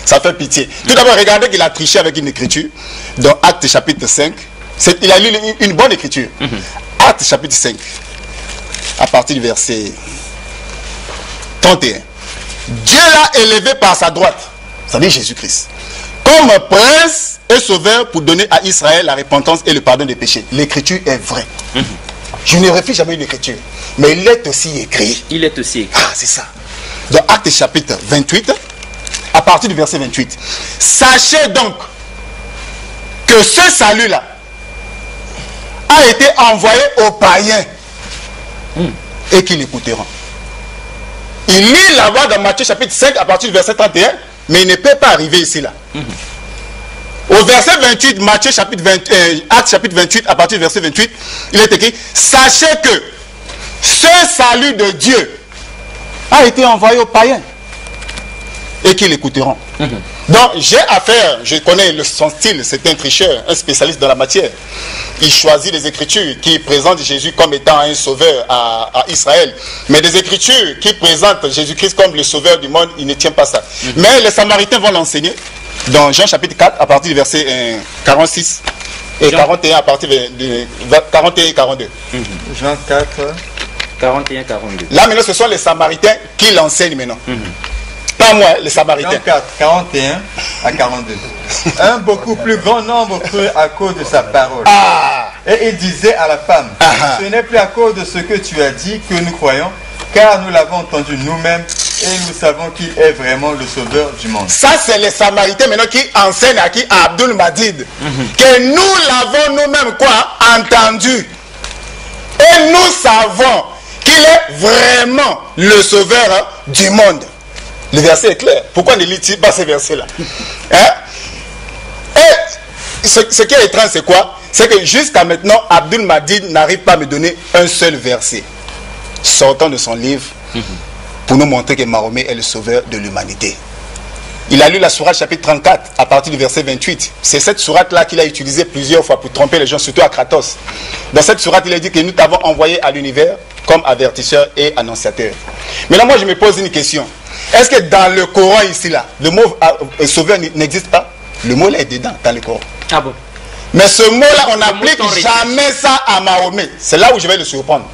ça fait pitié. Tout d'abord, regardez qu'il a triché avec une écriture dans Acte chapitre 5. Il a lu une, bonne écriture. Mhm. Acte chapitre 5, à partir du verset 31. Dieu l'a élevé par sa droite, c'est-à-dire Jésus-Christ, comme prince et sauveur pour donner à Israël la repentance et le pardon des péchés. L'écriture est vraie. Mhm. Je ne refuse jamais Écriture, Mais il est aussi écrit. Il est aussi écrit. Ah, c'est ça. Dans Acte chapitre 28, à partir du verset 28. Sachez donc que ce salut-là a été envoyé aux païens hmm. et qu'ils l'écouteront. Il lit la voix dans Matthieu chapitre 5 à partir du verset 31 mais il ne peut pas arriver ici là. Au verset 28, Matthieu chapitre 20, euh, Acte chapitre 28, à partir du verset 28, il est écrit, sachez que ce salut de Dieu a été envoyé aux païens et qui l'écouteront. Mhm. Donc j'ai affaire, je connais son style, c'est un tricheur, un spécialiste dans la matière. Il choisit des écritures qui présentent Jésus comme étant un sauveur à, Israël. Mais des écritures qui présentent Jésus-Christ comme le sauveur du monde, il ne tient pas ça. Mhm. Mais les Samaritains vont l'enseigner dans Jean chapitre 4 à partir du verset 46 euh, et 41 à partir de 41 et 42. Mhm. Jean 4, 41 42. Là maintenant ce sont les Samaritains qui l'enseignent maintenant. Pas moi, les Samaritains. 41 à 42. Un beaucoup plus grand nombre que à cause de sa parole. Ah. Et il disait à la femme, ah, ah. ce n'est plus à cause de ce que tu as dit que nous croyons, car nous l'avons entendu nous-mêmes et nous savons qu'il est vraiment le sauveur du monde. Ça, c'est les Samaritains maintenant qui enseignent à qui à Abdul Madid mhm. que nous l'avons nous-mêmes quoi entendu et nous savons qu'il est vraiment le sauveur hein, du monde. Le verset est clair. Pourquoi ne lit-il pas ce verset-là hein? Et ce, qui est étrange, c'est quoi C'est que jusqu'à maintenant, Abdul n'arrive pas à me donner un seul verset sortant de son livre mhm. pour nous montrer que Mahomet est le sauveur de l'humanité. Il a lu la sourate chapitre 34 à partir du verset 28. C'est cette sourate-là qu'il a utilisée plusieurs fois pour tromper les gens, surtout à Kratos. Dans cette sourate, il a dit que nous t'avons envoyé à l'univers comme avertisseur et annonciateur. Mais là, moi, je me pose une question. Est-ce que dans le Coran ici, là, le mot ah, euh, sauveur n'existe pas Le mot est dedans, dans le Coran. Ah bon Mais ce mot-là, on n'applique jamais ça à Mahomet. C'est là où je vais le surprendre.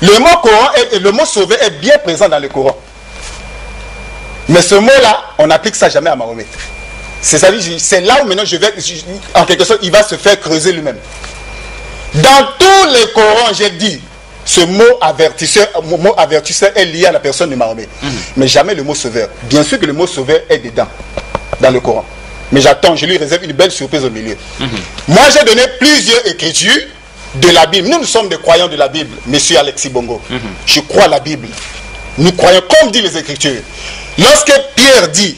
Le mot, Coran et le mot sauveur est bien présent dans le Coran. Mais ce mot-là, on n'applique ça jamais à Mahomet. cest c'est là où maintenant je vais, en quelque sorte, il va se faire creuser lui-même. Dans tous les Corans, j'ai dit, ce mot avertisseur, mot avertisseur est lié à la personne de Mahomet. Mm. Mais jamais le mot sauveur. Bien sûr que le mot sauveur est dedans, dans le Coran. Mais j'attends, je lui réserve une belle surprise au milieu. Mm-hmm. Moi, j'ai donné plusieurs écritures de la Bible. Nous, nous sommes des croyants de la Bible, monsieur Alexis Bongo. Mm-hmm. Je crois la Bible. Nous croyons comme dit les écritures. Lorsque Pierre dit,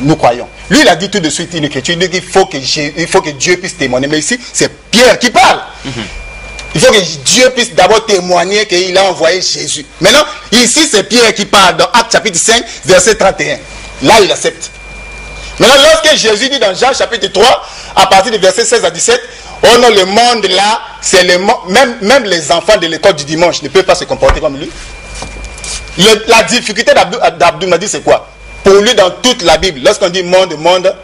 nous croyons, lui, il a dit tout de suite une écriture. Il dit qu'il faut, que il faut que Dieu puisse témoigner. Mais ici, c'est Pierre qui parle. Mhm. Il faut que Dieu puisse d'abord témoigner qu'il a envoyé Jésus. Maintenant, ici, c'est Pierre qui parle dans Acte chapitre 5, verset 31. Là, il accepte. Maintenant, lorsque Jésus dit dans Jean chapitre 3, à partir du verset 16 à 17, Oh non, le monde là, c'est le Même, même les enfants de l'école du dimanche ne peuvent pas se comporter comme lui la difficulté d'Abdou euh, dit c'est quoi Pour lui, dans toute la Bible, lorsqu'on dit monde, monde,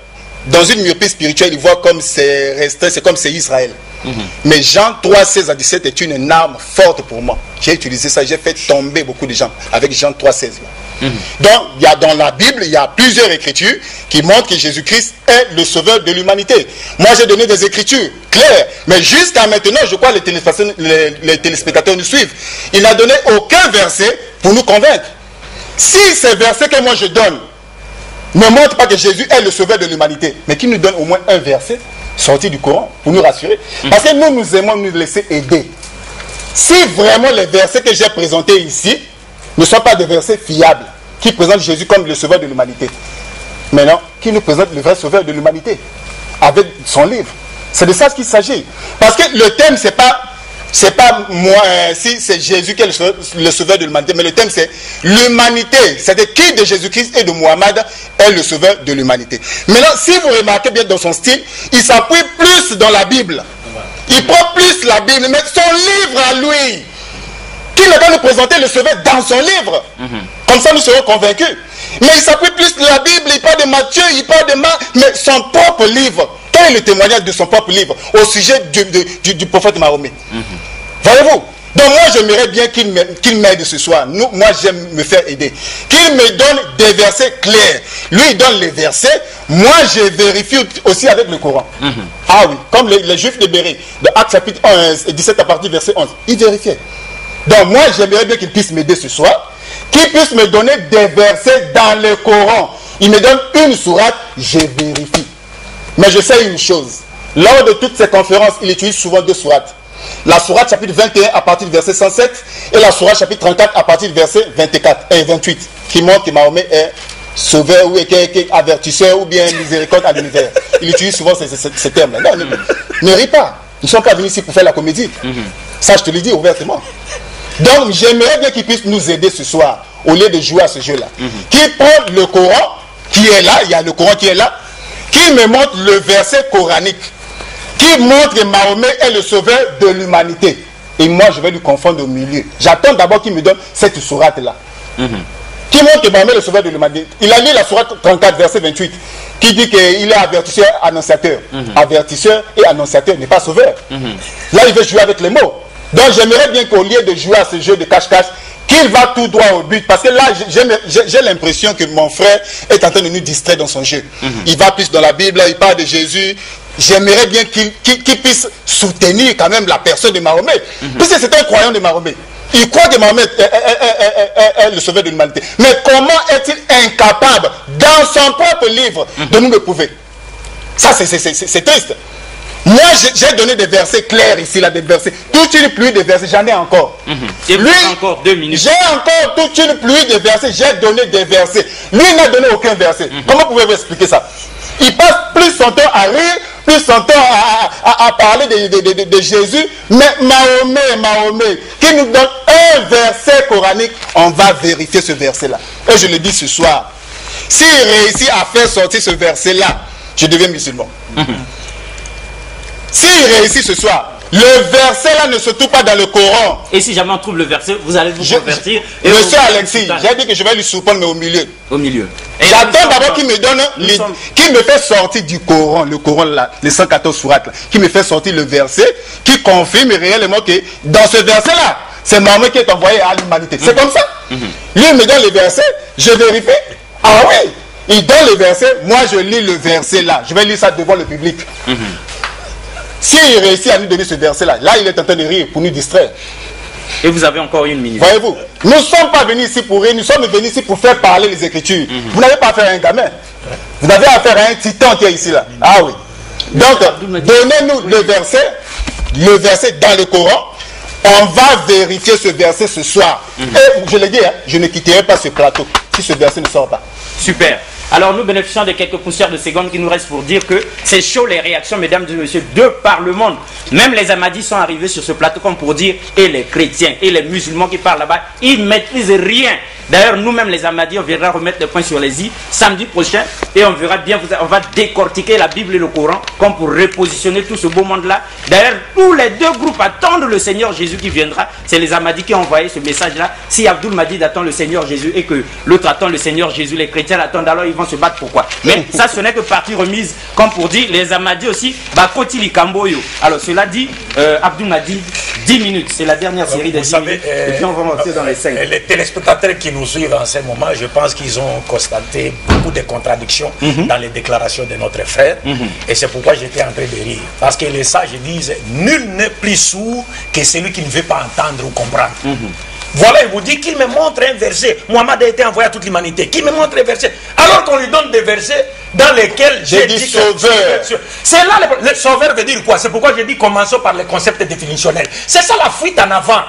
dans une myopie spirituelle, il voit comme c'est restreint, c'est comme c'est Israël. Mhm. Mais Jean 3, 16 à 17 est une arme forte pour moi. J'ai utilisé ça, j'ai fait tomber beaucoup de gens avec Jean 3, 16. Donc, il y a dans la Bible, il y a plusieurs écritures qui montrent que Jésus-Christ est le sauveur de l'humanité. Moi, j'ai donné des écritures claires, mais jusqu'à maintenant, je crois que les téléspectateurs, les, les téléspectateurs nous suivent. Il n'a donné aucun verset pour nous convaincre. Si ces versets que moi je donne ne montrent pas que Jésus est le sauveur de l'humanité, mais qu'il nous donne au moins un verset sorti du Coran pour nous rassurer, mm. parce que nous, nous aimons nous laisser aider. Si vraiment les versets que j'ai présentés ici ne soient pas des versets fiables qui présentent Jésus comme le sauveur de l'humanité. Mais non, qui nous présente le vrai sauveur de l'humanité avec son livre. C'est de ça qu'il s'agit. Parce que le thème, c'est pas c'est pas moi, euh, si c'est Jésus qui est le sauveur de l'humanité, mais le thème c'est l'humanité. C'est-à-dire qui de Jésus-Christ et de Muhammad est le sauveur de l'humanité. Maintenant, si vous remarquez bien dans son style, il s'appuie plus dans la Bible. Il prend plus la Bible, mais son livre à lui, qu'il va nous présenter le Sauveur dans son livre. Mhm. Comme ça, nous serons convaincus. Mais il s'appuie plus de la Bible, il parle de Matthieu, il parle de Marc, mais son propre livre. Quel est le témoignage de son propre livre au sujet du, prophète Mahomet mhm. Voyez-vous donc moi j'aimerais bien qu'il m'aide ce soir. Nous, moi j'aime me faire aider. Qu'il me donne des versets clairs. Lui il donne les versets. Moi je vérifie aussi avec le Coran. Mhm. Ah oui, comme les, Juifs de Béré, de Actes chapitre 11, 17 à partir verset 11. Ils vérifiaient. Donc moi, j'aimerais bien qu'il puisse m'aider ce soir, qu'il puisse me donner des versets dans le Coran. Il me donne une sourate, je vérifie. Mais je sais une chose. Lors de toutes ces conférences, il utilise souvent deux sourates. La sourate chapitre 21 à partir du verset 107 et la sourate chapitre 34 à partir du verset 24 et 28 qui montre que Mahomet est sauveur ou est avertisseur ou bien miséricorde à l'univers. Il utilise souvent ces, termes ne, ne, ris pas. Ils ne sont pas venus ici pour faire la comédie. Mhm. Ça, je te le dis ouvertement. Donc, j'aimerais bien qu'il puisse nous aider ce soir, au lieu de jouer à ce jeu-là. Qu'il mhm. Qui prend le Coran, qui est là, il y a le Coran qui est là, qui me montre le verset coranique, qui montre que Mahomet est le sauveur de l'humanité. Et moi, je vais lui confondre au milieu. J'attends d'abord qu'il me donne cette sourate-là. Mhm. Qui montre que Mahomet est le sauveur de l'humanité. Il a lu la sourate 34, verset 28, qui dit qu'il est avertisseur, annonciateur. Mhm. Avertisseur et annonciateur n'est pas sauveur. Là, il veut jouer avec les mots. Donc j'aimerais bien qu'au lieu de jouer à ce jeu de cache-cache, qu'il va tout droit au but. Parce que là, j'ai l'impression que mon frère est en train de nous distraire dans son jeu. Mhm. Il va plus dans la Bible, il parle de Jésus. J'aimerais bien qu'il puisse soutenir quand même la personne de Mahomet. Mhm. Puisque c'est un croyant de Mahomet. Il croit que Mahomet est, le sauveur de l'humanité. Mais comment est-il incapable, dans son propre livre, de mhm. nous le prouver Ça, c'est triste. Moi, j'ai donné des versets clairs ici, là, des versets. Toute une pluie de versets, j'en ai encore. Mhm. lui, encore J'ai encore toute une pluie de versets, j'ai donné des versets. Lui n'a donné aucun verset. Mhm. Comment pouvez-vous expliquer ça Il passe plus son temps à rire, plus son temps à, parler de, de, Jésus. Mais Mahomet, Mahomet, qui nous donne un verset coranique, on va vérifier ce verset-là. Et je le dis ce soir. S'il réussit à faire sortir ce verset-là, je deviens musulman. Mhm. S'il réussit ce soir, le verset là ne se trouve pas dans le Coran. Et si jamais on trouve le verset, vous allez vous convertir. monsieur Alexis, j'ai dit que je vais lui surprendre, au milieu. Au milieu. J'attends d'abord qu'il me donne, qui me fait sortir du Coran, le Coran là, les 114 sourates, qui me fait sortir le verset, qui confirme réellement que dans ce verset là, c'est Maman qui est envoyé à l'humanité. C'est mhm. comme ça. Lui, mhm. Lui me donne le verset, je vérifie. Ah oui, il donne le verset, moi je lis le verset là. Je vais lire ça devant le public. Mhm. Si il réussit à nous donner ce verset-là, là, il est en train de rire pour nous distraire. Et vous avez encore une minute. Voyez-vous, nous ne sommes pas venus ici pour rire, nous sommes venus ici pour faire parler les Écritures. Mhm. Vous n'avez pas affaire à un gamin. Vous avez affaire à un titan qui est ici, là. Ah oui. Donc, donnez-nous le verset, le verset dans le Coran. On va vérifier ce verset ce soir. Mhm. Et je le dis, hein, je ne quitterai pas ce plateau si ce verset ne sort pas. Super. Alors nous bénéficions de quelques poussières de secondes qui nous restent pour dire que c'est chaud les réactions, mesdames et messieurs, de par le monde. Même les Amadis sont arrivés sur ce plateau comme pour dire, et les chrétiens, et les musulmans qui parlent là-bas, ils maîtrisent rien. D'ailleurs, nous-mêmes les Amadis, on verra remettre des points sur les i samedi prochain et on verra bien, on va décortiquer la Bible et le Coran comme pour repositionner tout ce beau monde-là. D'ailleurs, tous les deux groupes attendent le Seigneur Jésus qui viendra. C'est les Amadis qui ont envoyé ce message-là. Si Abdul dit attend le Seigneur Jésus et que l'autre attend le Seigneur Jésus, les chrétiens attendent alors se battre pourquoi. Mais ça, ce n'est que partie remise, comme pour dire, les Amadis aussi, Bakoti Likamboyo. Alors, cela dit, euh, Abdou m'a dit 10 minutes, c'est la dernière série des les téléspectateurs qui nous suivent en ce moment, je pense qu'ils ont constaté beaucoup de contradictions mhm. dans les déclarations de notre frère, mhm. et c'est pourquoi j'étais en train de rire. Parce que les sages disent, nul n'est plus sourd que celui qui ne veut pas entendre ou comprendre. Mhm. Voilà, il vous dit qu'il me montre un verset. Mohamed a été envoyé à toute l'humanité. Qu'il me montre un verset. Alors qu'on lui donne des versets dans lesquels j'ai dit sauveur. C'est là le, le sauveur veut dire quoi C'est pourquoi j'ai dit commençons par les concepts définitionnels. C'est ça la fuite en avant.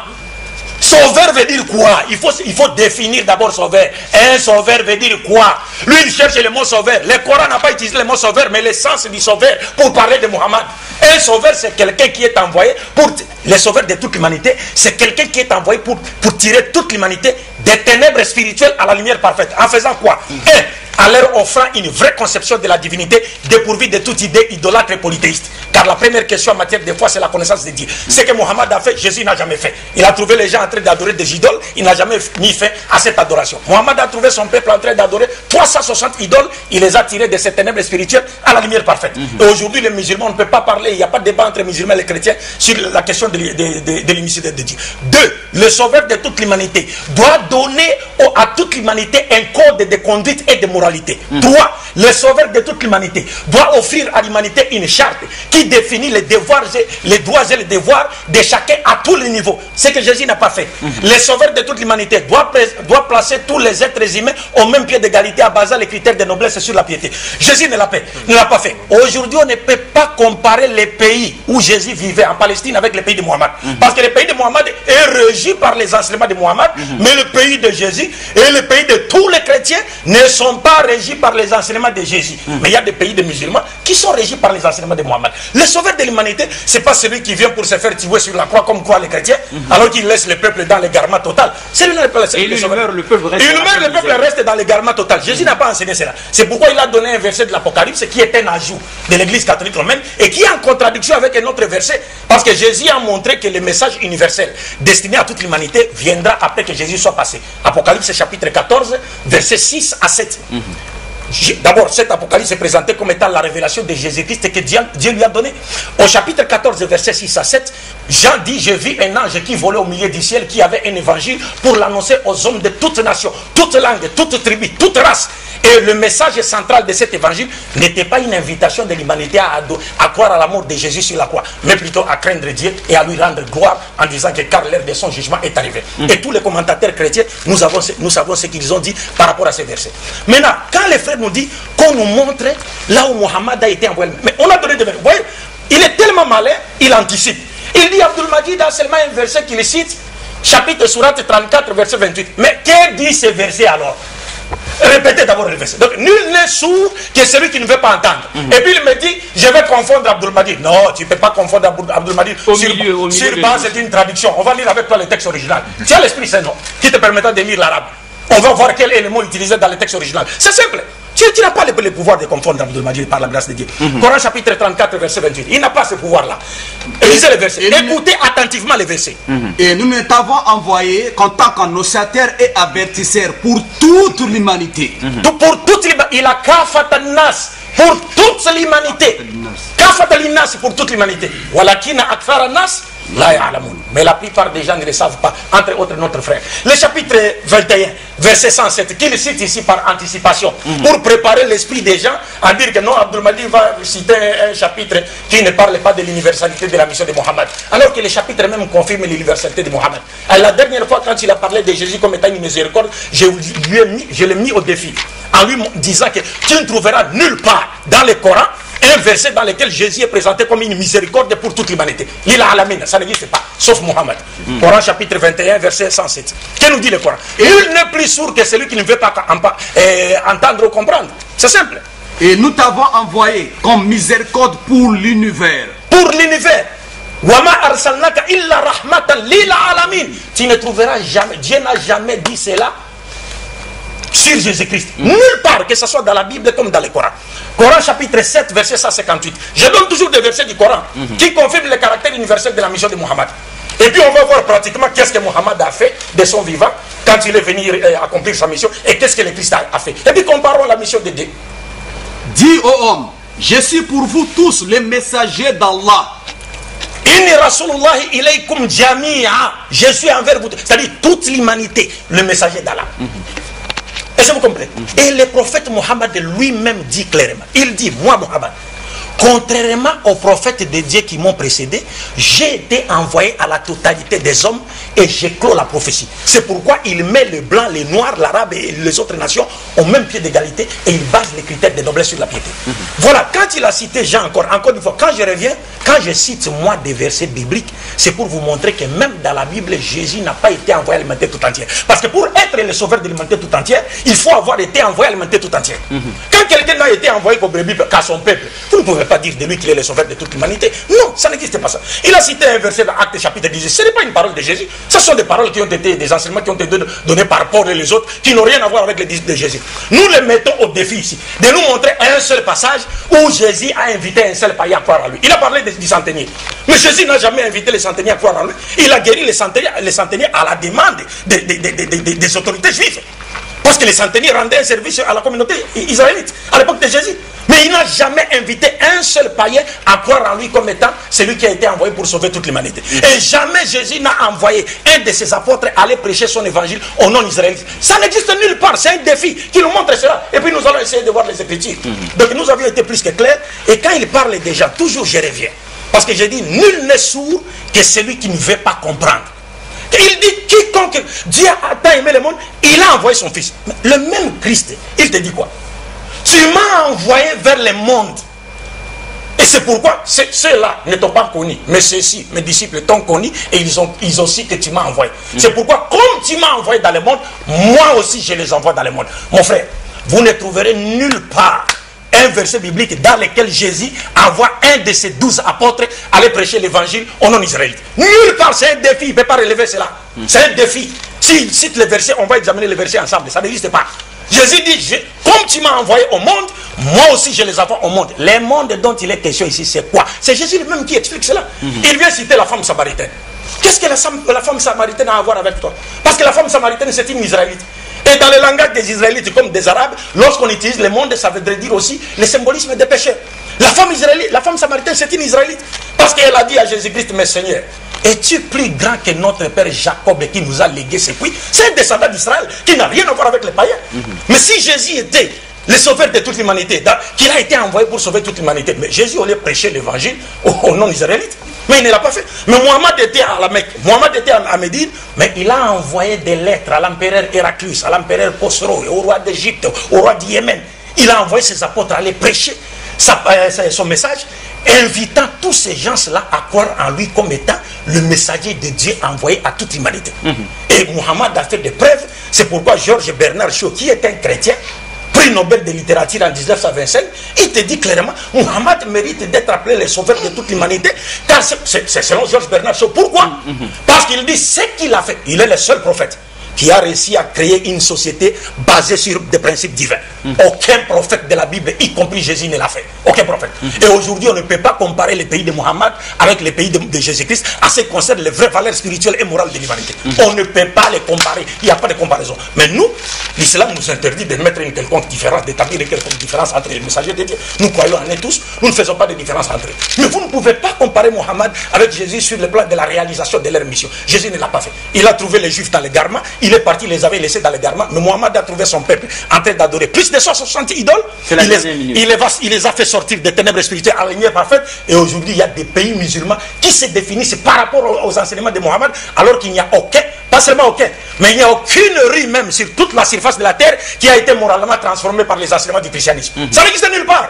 Sauveur veut dire quoi il faut, il faut définir d'abord sauveur. Un sauveur veut dire quoi Lui, il cherche le mot sauveur. Le Coran n'a pas utilisé le mot sauveur, mais l'essence du sauveur pour parler de Mohammed. Un sauveur, c'est quelqu'un qui est envoyé pour... Le sauveur de toute l'humanité, c'est quelqu'un qui est envoyé pour, pour tirer toute l'humanité des ténèbres spirituelles à la lumière parfaite. En faisant quoi mm. Un, en leur offrant une vraie conception de la divinité dépourvue de toute idée idolâtre et polythéiste. Car la première question en matière de foi, c'est la connaissance de Dieu. Ce que Mohammed a fait, Jésus n'a jamais fait. Il a trouvé les gens en train d'adorer des idoles, il n'a jamais mis fin à cette adoration. Mohammed a trouvé son peuple en train d'adorer 360 idoles, il les a tirés de ces ténèbres spirituelles à la lumière parfaite. Mm-hmm. Et aujourd'hui, les musulmans, on ne peut pas parler, il n'y a pas de débat entre musulmans et les chrétiens sur la question de, de, de, de Dieu. Deux, le sauveur de toute l'humanité doit donner donné à toute l'humanité un code de conduite et de moralité. Trois, mm. le sauveur de toute l'humanité, doit offrir à l'humanité une charte qui définit les devoirs, et les droits et les devoirs de chacun à tous les niveaux. Ce que Jésus n'a pas fait. Mm. Le sauveur de toute l'humanité doit, doit placer tous les êtres humains au même pied d'égalité à basant les critères de noblesse sur la piété. Jésus mm. ne l'a pas fait. Aujourd'hui, on ne peut pas comparer les pays où Jésus vivait en Palestine avec les pays de Mohammed. Parce que le pays de Mohammed est régi par les enseignements de Mohammed, mais le pays de Jésus et le pays de tous les chrétiens ne sont pas régis par les enseignements de Jésus. Hmm. Mais il y a des pays de musulmans qui sont régis par les enseignements de Mohammed. Le sauveur de l'humanité, c'est pas celui qui vient pour se faire tuer sur la croix comme quoi les chrétiens, hmm. alors qu'il laisse le peuple dans l'égarement total. C'est lui le peuple. le meurt, le peuple reste. Il meurt, le peuple reste dans l'égarement total. Jésus n'a pas enseigné cela. C'est pourquoi il a donné un verset de l'Apocalypse qui est un ajout de l'Église catholique romaine et qui est en contradiction avec un autre verset parce que Jésus a montré que le message universel destiné à toute l'humanité viendra après que Jésus soit passé Apocalypse chapitre 14, verset 6 à 7. D'abord, cet apocalypse est présenté comme étant la révélation de Jésus-Christ que Dieu, lui a donné Au chapitre 14, verset 6 à 7, Jean dit, je vis un ange qui volait au milieu du ciel, qui avait un évangile pour l'annoncer aux hommes de toutes nations, toutes langues, toutes tribus, toutes races. Et le message central de cet évangile n'était pas une invitation de l'humanité à, à, croire à la mort de Jésus sur la croix, mais plutôt à craindre Dieu et à lui rendre gloire en disant que car l'heure de son jugement est arrivée. Mm. Et tous les commentateurs chrétiens, nous, avons, nous savons ce qu'ils ont dit par rapport à ces versets. Maintenant, quand les frères nous disent qu'on nous montre là où Mohammed a été envoyé, mais on a donné de Vous voyez, il est tellement malin, il anticipe. Il dit Abdul a seulement un verset qu'il cite, chapitre surat 34, verset 28. Mais que dit ce verset alors Répétez d'abord le verset. Donc, nul n'est sourd que celui qui ne veut pas entendre. Mhm. Et puis il me dit, je vais confondre Abdul Non, tu ne peux pas confondre Abdul sur, c'est une traduction. On va lire avec toi le texte original. tu as l'Esprit Saint, non Qui te permettra de lire l'arabe. On va voir quel élément utilisé dans le texte original. C'est simple. Tu, n'as pas le, pouvoir de confondre Abdelmajid par la grâce de Dieu. Mhm. Coran chapitre 34, verset 28. Il n'a pas ce pouvoir-là. Lisez le verset. Écoutez attentivement le verset. Mhm. Et nous ne t'avons envoyé qu'en tant qu'annonciateur et avertisseur pour toute l'humanité. Mm pour toute l'humanité. Il a kafatanas pour toute l'humanité. Kafatanas pour toute l'humanité. na akfaranas mais la plupart des gens ne le savent pas, entre autres notre frère. Le chapitre 21, verset 107, qu'il cite ici par anticipation, mhm. pour préparer l'esprit des gens à dire que non, Abdelmadi va citer un chapitre qui ne parle pas de l'universalité de la mission de Mohammed. Alors que le chapitre même confirme l'universalité de Mohammed. la dernière fois, quand il a parlé de Jésus comme étant une miséricorde, je l'ai mis, au défi en lui disant que tu ne trouveras nulle part dans le Coran un verset dans lequel Jésus est présenté comme une miséricorde pour toute l'humanité. Il a la menace ça n'existe pas, sauf Mohammed. Hmm. Coran chapitre 21, verset 107. Que nous dit le Coran Il n'est plus sourd que celui qui ne veut pas eh, entendre ou comprendre. C'est simple. Et nous t'avons envoyé comme miséricorde pour l'univers. Pour l'univers. Tu ne trouveras jamais, Dieu n'a jamais dit cela Jésus-Christ. Mm. Nulle part, que ce soit dans la Bible comme dans le Coran. Coran chapitre 7, verset 158. Je donne toujours des versets du Coran mm-hmm. qui confirment le caractère universel de la mission de Mohammed. Et puis on va voir pratiquement qu'est-ce que Mohammed a fait de son vivant quand il est venu euh, accomplir sa mission et qu'est-ce que le Christ a fait. Et puis comparons la mission de Dieu. Dis aux hommes, je suis pour vous tous les messagers d'Allah. Je suis envers vous, c'est-à-dire toute l'humanité, le messager d'Allah. Mm-hmm. Est-ce que vous comprenez Et le prophète Mohammed lui-même dit clairement, il dit, moi Mohammed, Contrairement aux prophètes de Dieu qui m'ont précédé, j'ai été envoyé à la totalité des hommes et j'ai la prophétie. C'est pourquoi il met le blanc, les noirs, l'arabe et les autres nations au même pied d'égalité et il base les critères de noblesse sur la piété. Mhm. Voilà, quand il a cité Jean encore, encore une fois, quand je reviens, quand je cite moi des versets bibliques, c'est pour vous montrer que même dans la Bible, Jésus n'a pas été envoyé à l'humanité tout entière. Parce que pour être le sauveur de l'humanité tout entière, il faut avoir été envoyé à l'humanité tout entière. Mhm. Quand quelqu'un n'a été envoyé qu'au brebis, qu'à son peuple, vous ne pouvez pas dire de lui qu'il est le sauveur de toute l'humanité. Non, ça n'existe pas ça. Il a cité un verset dans l'acte chapitre 10. Ce n'est pas une parole de Jésus. Ce sont des paroles qui ont été, des enseignements qui ont été donnés par Paul et les autres, qui n'ont rien à voir avec les disciples de Jésus. Nous les mettons au défi ici, de nous montrer un seul passage où Jésus a invité un seul païen à croire à lui. Il a parlé des centenier. Mais Jésus n'a jamais invité les centeniers à croire en lui. Il a guéri les centeniers, à la demande des autorités juives. Parce que les centenaires rendaient un service à la communauté israélite à l'époque de Jésus. Mais il n'a jamais invité un seul païen à croire en lui comme étant celui qui a été envoyé pour sauver toute l'humanité. Mm. Et jamais Jésus n'a envoyé un de ses apôtres aller prêcher son évangile au nom israélite. Ça n'existe nulle part. C'est un défi qui nous montre cela. Et puis nous allons essayer de voir les Écritures. Mm. Donc nous avions été plus que clairs. Et quand il parle déjà, toujours je reviens. Parce que j'ai dit, nul n'est sourd que celui qui ne veut pas comprendre. Il dit, quiconque Dieu a tant aimé le monde, il a envoyé son fils. Le même Christ, il te dit quoi Tu m'as envoyé vers le monde. Et c'est pourquoi ceux-là ne t'ont pas connu. Mais ceux-ci, mes disciples, t'ont connu et ils ont, ils ont que tu m'as envoyé. Mm. C'est pourquoi, comme tu m'as envoyé dans le monde, moi aussi je les envoie dans le monde. Mon frère, vous ne trouverez nulle part un verset biblique dans lequel Jésus envoie un de ses douze apôtres aller prêcher l'évangile au non Israélite. Nulle part, c'est un défi, il ne peut pas relever cela. Mm. C'est un défi. S'il cite le verset, on va examiner le verset ensemble, ça n'existe pas. Jésus dit, comme tu m'as envoyé au monde, moi aussi je les envoie au monde. Les mondes dont il est question ici, c'est quoi C'est Jésus lui-même qui explique cela. Mm-hmm. Il vient citer la femme samaritaine. Qu'est-ce que la, la, femme samaritaine a à voir avec toi Parce que la femme samaritaine, c'est une israélite. Et dans le langage des Israélites comme des Arabes, lorsqu'on utilise le monde, ça veut dire aussi le symbolisme des péchés. La femme israélite, la femme samaritaine, c'est une israélite. Parce qu'elle a dit à Jésus-Christ, mais Seigneur, es-tu plus grand que notre père Jacob qui nous a légué ses puits C'est un descendant d'Israël qui n'a rien à voir avec les païens. Mhm. Mais si Jésus était le sauveur de toute l'humanité, qu'il a été envoyé pour sauver toute l'humanité. Mais Jésus allait prêcher l'évangile au non-israélites. Mais il ne l'a pas fait. Mais Mohamed était à la Mecque, Mohamed était à Médine, mais il a envoyé des lettres à l'empereur Héraclius, à l'empereur Khosrow, au roi d'Égypte, au roi du Yémen. Il a envoyé ses apôtres à aller prêcher euh, son message, invitant tous ces gens-là à croire en lui comme étant le messager de Dieu envoyé à toute l'humanité. Mhm. Et Mohamed a fait des preuves. C'est pourquoi Georges Bernard Shaw, qui est un chrétien, Nobel de littérature en 1925, il te dit clairement Muhammad mérite d'être appelé le sauveur de toute l'humanité, car c'est selon Georges Bernard Shaw. Pourquoi mm-hmm. Parce qu'il dit ce qu'il a fait. Il est le seul prophète qui a réussi à créer une société basée sur des principes divins. Mm. Aucun prophète de la Bible, y compris Jésus, ne l'a fait. Aucun prophète. Mm. Et aujourd'hui, on ne peut pas comparer le pays de Mohammed avec les pays de, Jésus-Christ à ce qui concerne les vraies valeurs spirituelles et morales de l'humanité. Mm. On ne peut pas les comparer. Il n'y a pas de comparaison. Mais nous, l'islam nous interdit de mettre une quelconque différence, d'établir une quelconque différence entre les messagers de Dieu. Nous croyons en eux tous. Nous ne faisons pas de différence entre eux. Mais vous ne pouvez pas comparer Mohammed avec Jésus sur le plan de la réalisation de leur mission. Jésus ne l'a pas fait. Il a trouvé les juifs dans les garments. Il est parti, il les avait laissés dans les garments. Mais Mohamed a trouvé son peuple en train d'adorer plus de 160 idoles. Il les, a fait sortir des ténèbres spirituelles, lignée parfaites. Et aujourd'hui, il y a des pays musulmans qui se définissent par rapport aux, enseignements de Mohamed, alors qu'il n'y a aucun, pas seulement aucun, mais il n'y a aucune rue même sur toute la surface de la terre qui a été moralement transformée par les enseignements du christianisme. Mm -hmm. Ça n'existe nulle part.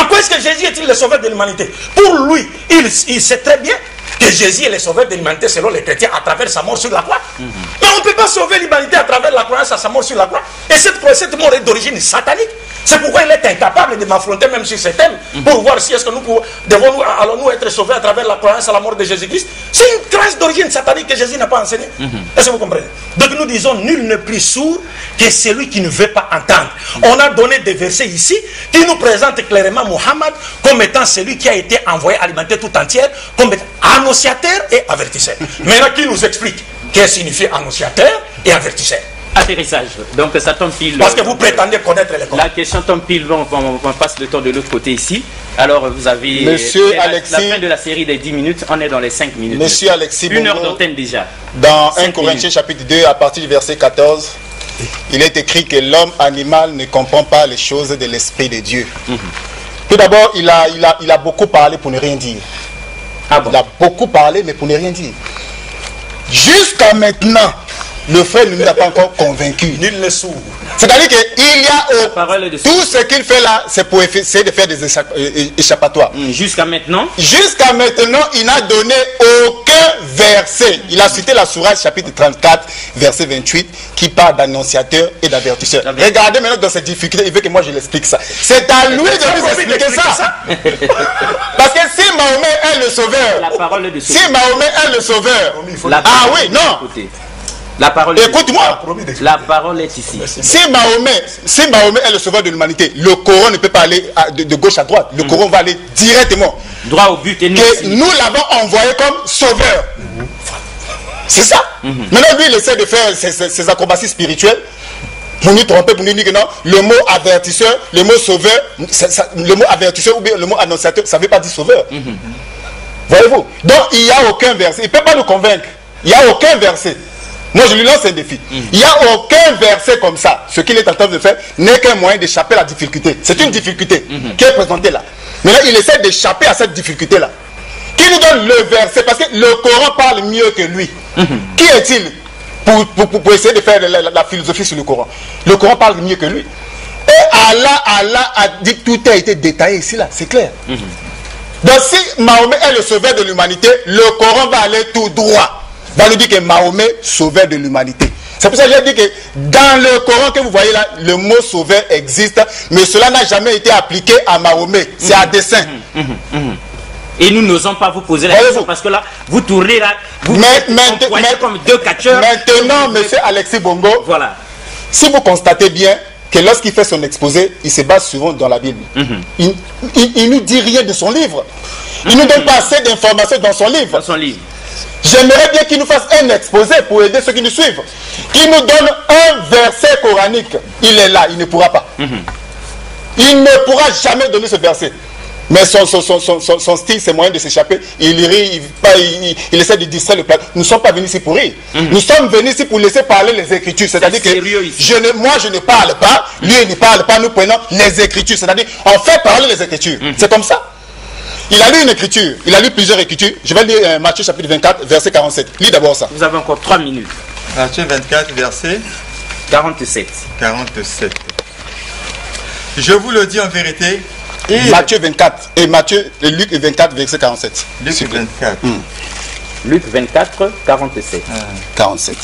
En quoi est-ce que Jésus est-il le sauveur de l'humanité Pour lui, il, sait très bien que Jésus est le sauveur de l'humanité selon les chrétiens à travers sa mort sur la croix. Mais mhm. on ne peut pas sauver l'humanité à travers la croyance à sa mort sur la croix. Et cette, cette mort est d'origine satanique. C'est pourquoi il est incapable de m'affronter même sur ce thème, pour voir si est-ce que nous devons allons nous être sauvés à travers la croyance à la mort de Jésus-Christ. C'est une trace d'origine satanique que Jésus n'a pas enseignée. Mhm. Est-ce que vous comprenez Donc nous disons, nul n'est plus sourd que celui qui ne veut pas entendre. On a donné des versets ici qui nous présentent clairement Mohammed comme étant celui qui a été envoyé alimenter tout entière, comme étant annonciateur et avertisseur. [LAUGHS] Maintenant, qui nous explique qu'est-ce signifie annonciateur et avertisseur atterrissage. Donc ça tombe pile. Parce que vous euh, prétendez connaître les La question tombe pile, on, passe le temps de l'autre côté ici. Alors vous avez Monsieur Alexis, la, fin de la série des 10 minutes, on est dans les 5 minutes. Monsieur Alexis, une heure d'antenne déjà. Dans 1 Corinthiens chapitre 2, à partir du verset 14, il est écrit que l'homme animal ne comprend pas les choses de l'Esprit de Dieu. Mhm. Tout d'abord, il a, il, a, il a beaucoup parlé pour ne rien dire. Ah il a beaucoup parlé, mais pour ne rien dire. Jusqu'à maintenant, le frère ne nous a pas encore convaincu Nul ne s'ouvre. C'est-à-dire qu'il y a euh, tout ce qu'il fait là, c'est pour essayer de faire des euh, euh, échappatoires. Hmm, jusqu'à maintenant Jusqu'à maintenant, il n'a donné aucun verset. Il a cité la Sourate chapitre 34, verset 28, qui parle d'annonciateur et d'avertisseur. Regardez maintenant dans cette difficulté, il veut que moi je l'explique ça. C'est à lui de nous expliquer ça. Parce que si Mahomet est le sauveur, la parole de sauveur. si Mahomet est le sauveur, ah oui, non. La parole Écoute-moi. La parole est ici. Si Mahomet, est le sauveur de l'humanité, le Coran ne peut pas aller de, gauche à droite. Le mm. Coran va aller directement. Droit au but. nous, que nous l'avons envoyé comme sauveur. C'est ça. Mm-hmm. Maintenant, lui, il essaie de faire ses, acrobaties spirituelles Vous nous trompez, vous nous dites que non, le mot avertisseur, le mot sauveur, le mot avertisseur ou bien le mot annonciateur, ça ne veut pas dire sauveur. Mm-hmm. Voyez-vous Donc, il n'y a aucun verset. Il ne peut pas nous convaincre. Il n'y a aucun verset moi, je lui lance un défi. Mhm. Il n'y a aucun verset comme ça. Ce qu'il est en train de faire n'est qu'un moyen d'échapper à la difficulté. C'est une difficulté mhm. qui est présentée là. Mais là, il essaie d'échapper à cette difficulté-là. Qui nous donne le verset Parce que le Coran parle mieux que lui. Mhm. Qui est-il pour, essayer de faire la, philosophie sur le Coran Le Coran parle mieux que lui. Et Allah, Allah a dit tout a été détaillé ici, là, c'est clair. Donc si Mahomet est le sauveur de l'humanité, le Coran va aller tout droit. Dans nous dit que Mahomet sauvait de l'humanité. C'est pour ça que j'ai dit que dans le Coran que vous voyez là, le mot sauveur existe, mais cela n'a jamais été appliqué à Mahomet. C'est à mhm. dessein. Mhm. Mhm. Et nous n'osons pas vous poser la question parce que là, vous tournez là, vous êtes comme deux catcheurs. Maintenant, monsieur Alexis Bongo, si vous constatez bien que lorsqu'il fait son exposé, il se base souvent dans la Bible. Il ne nous dit rien de son livre. Il ne nous donne pas assez d'informations dans son livre. Dans son livre. J'aimerais bien qu'il nous fasse un exposé pour aider ceux qui nous suivent. Qu'il nous donne un verset coranique. Il est là, il ne pourra pas. Mhm. Il ne pourra jamais donner ce verset. Mais son, style, c'est moyen de s'échapper. Il rit, il, pas, il, essaie de distraire le peuple. Nous ne sommes pas venus ici pour rire. Mhm. Nous sommes venus ici pour laisser parler les Écritures. C'est-à-dire que je ne, moi, je ne parle pas. Lui, il ne parle pas. Nous prenons les Écritures. C'est-à-dire, on fait parler les Écritures. Mhm. C'est comme ça. Il a lu une écriture, il a lu plusieurs écritures. Je vais lire euh, Matthieu chapitre 24, verset 47. Lis d'abord ça. Vous avez encore 3 minutes. Matthieu 24, verset 47. 47. Je vous le dis en vérité. Matthieu 24 et Matthieu, Luc 24, verset 47. Luc 24. Hmm. Luc 24, 47. 47.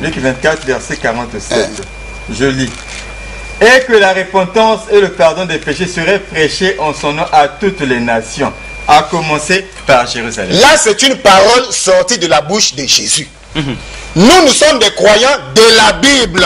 Luc 24, verset 47. Ah. Je lis. Et que la répentance et le pardon des péchés seraient prêchés en son nom à toutes les nations à commencer par Jérusalem. Là, c'est une parole sortie de la bouche de Jésus. Nous, nous sommes des croyants de la Bible.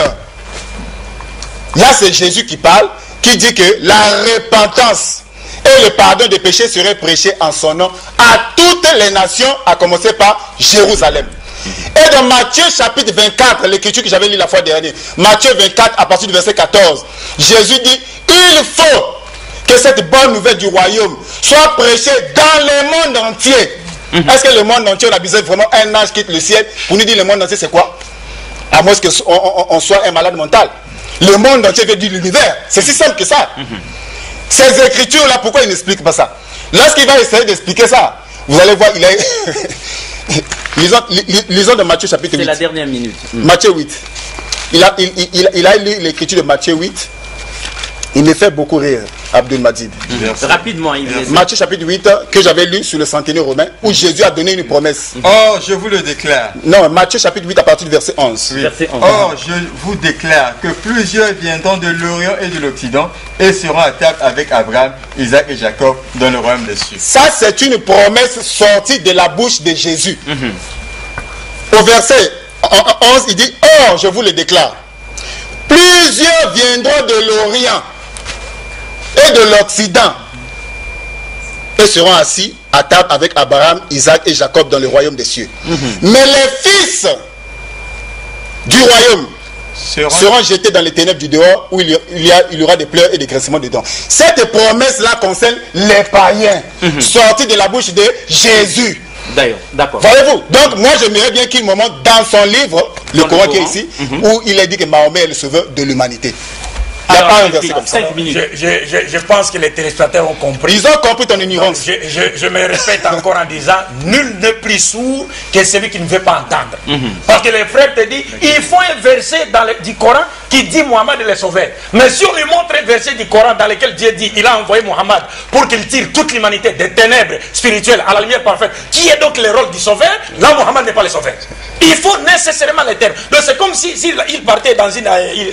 Là, c'est Jésus qui parle, qui dit que la repentance et le pardon des péchés seraient prêchés en son nom à toutes les nations, à commencer par Jérusalem. Et dans Matthieu chapitre 24, l'écriture que j'avais lu la fois dernière, Matthieu 24 à partir du verset 14, Jésus dit, il faut cette bonne nouvelle du royaume soit prêchée dans le monde entier. Mhm. Est-ce que le monde entier, on a besoin vraiment un âge quitte le ciel pour nous dire le monde entier, c'est quoi À moins qu'on on, soit un malade mental. Le monde entier veut dire l'univers. C'est si simple que ça. Mhm. Ces écritures-là, pourquoi il n'explique pas ça Lorsqu'il va essayer d'expliquer ça, vous allez voir, il a... [LAUGHS] lisons, lisons, de Matthieu chapitre 8. C'est la dernière minute. Matthieu 8. Il a, il, il, il a lu l'écriture de Matthieu 8 il me fait beaucoup rire, Abdul Rapidement, il Matthieu chapitre 8, que j'avais lu sur le centenaire romain, où Jésus a donné une promesse. Or, oh, je vous le déclare. Non, Matthieu chapitre 8, à partir du verset 11. Or, je vous déclare que plusieurs viendront de l'Orient et de l'Occident et seront à table avec Abraham, Isaac et Jacob dans le royaume des cieux. Ça, c'est une promesse sortie de la bouche de Jésus. Mhm. Au verset 11, il dit or, je vous le déclare. Plusieurs viendront de l'Orient et de l'Occident et seront assis à table avec Abraham, Isaac et Jacob dans le royaume des cieux. Mhm. Mais les fils du royaume seront, jetés dans les ténèbres du dehors où il y, il y, aura des pleurs et des de dedans. Cette promesse-là concerne les païens, mhm. sortis de la bouche de Jésus. D'ailleurs, d'accord. Voyez-vous Donc, moi, j'aimerais bien qu'il me dans son livre, le Coran qui est ici, mhm. où il est dit que Mahomet est le sauveur de l'humanité pas un Je, pense que les téléspectateurs ont compris. Ils ont compris ton ignorance. Je, me répète encore en disant, nul ne plus sourd que celui qui ne veut pas entendre. Mhm. Parce que les frères te disent, il faut un verset dans le, du Coran qui dit Mohammed est le sauveur. Mais si on lui montre un verset du Coran dans lequel Dieu dit, il a envoyé Mohammed pour qu'il tire toute l'humanité des ténèbres spirituelles à la lumière parfaite, qui est donc le rôle du sauveur Là, Mohammed n'est pas le sauveur. Il faut nécessairement les termes. Donc c'est comme s'il si, partait dans une... Euh, il,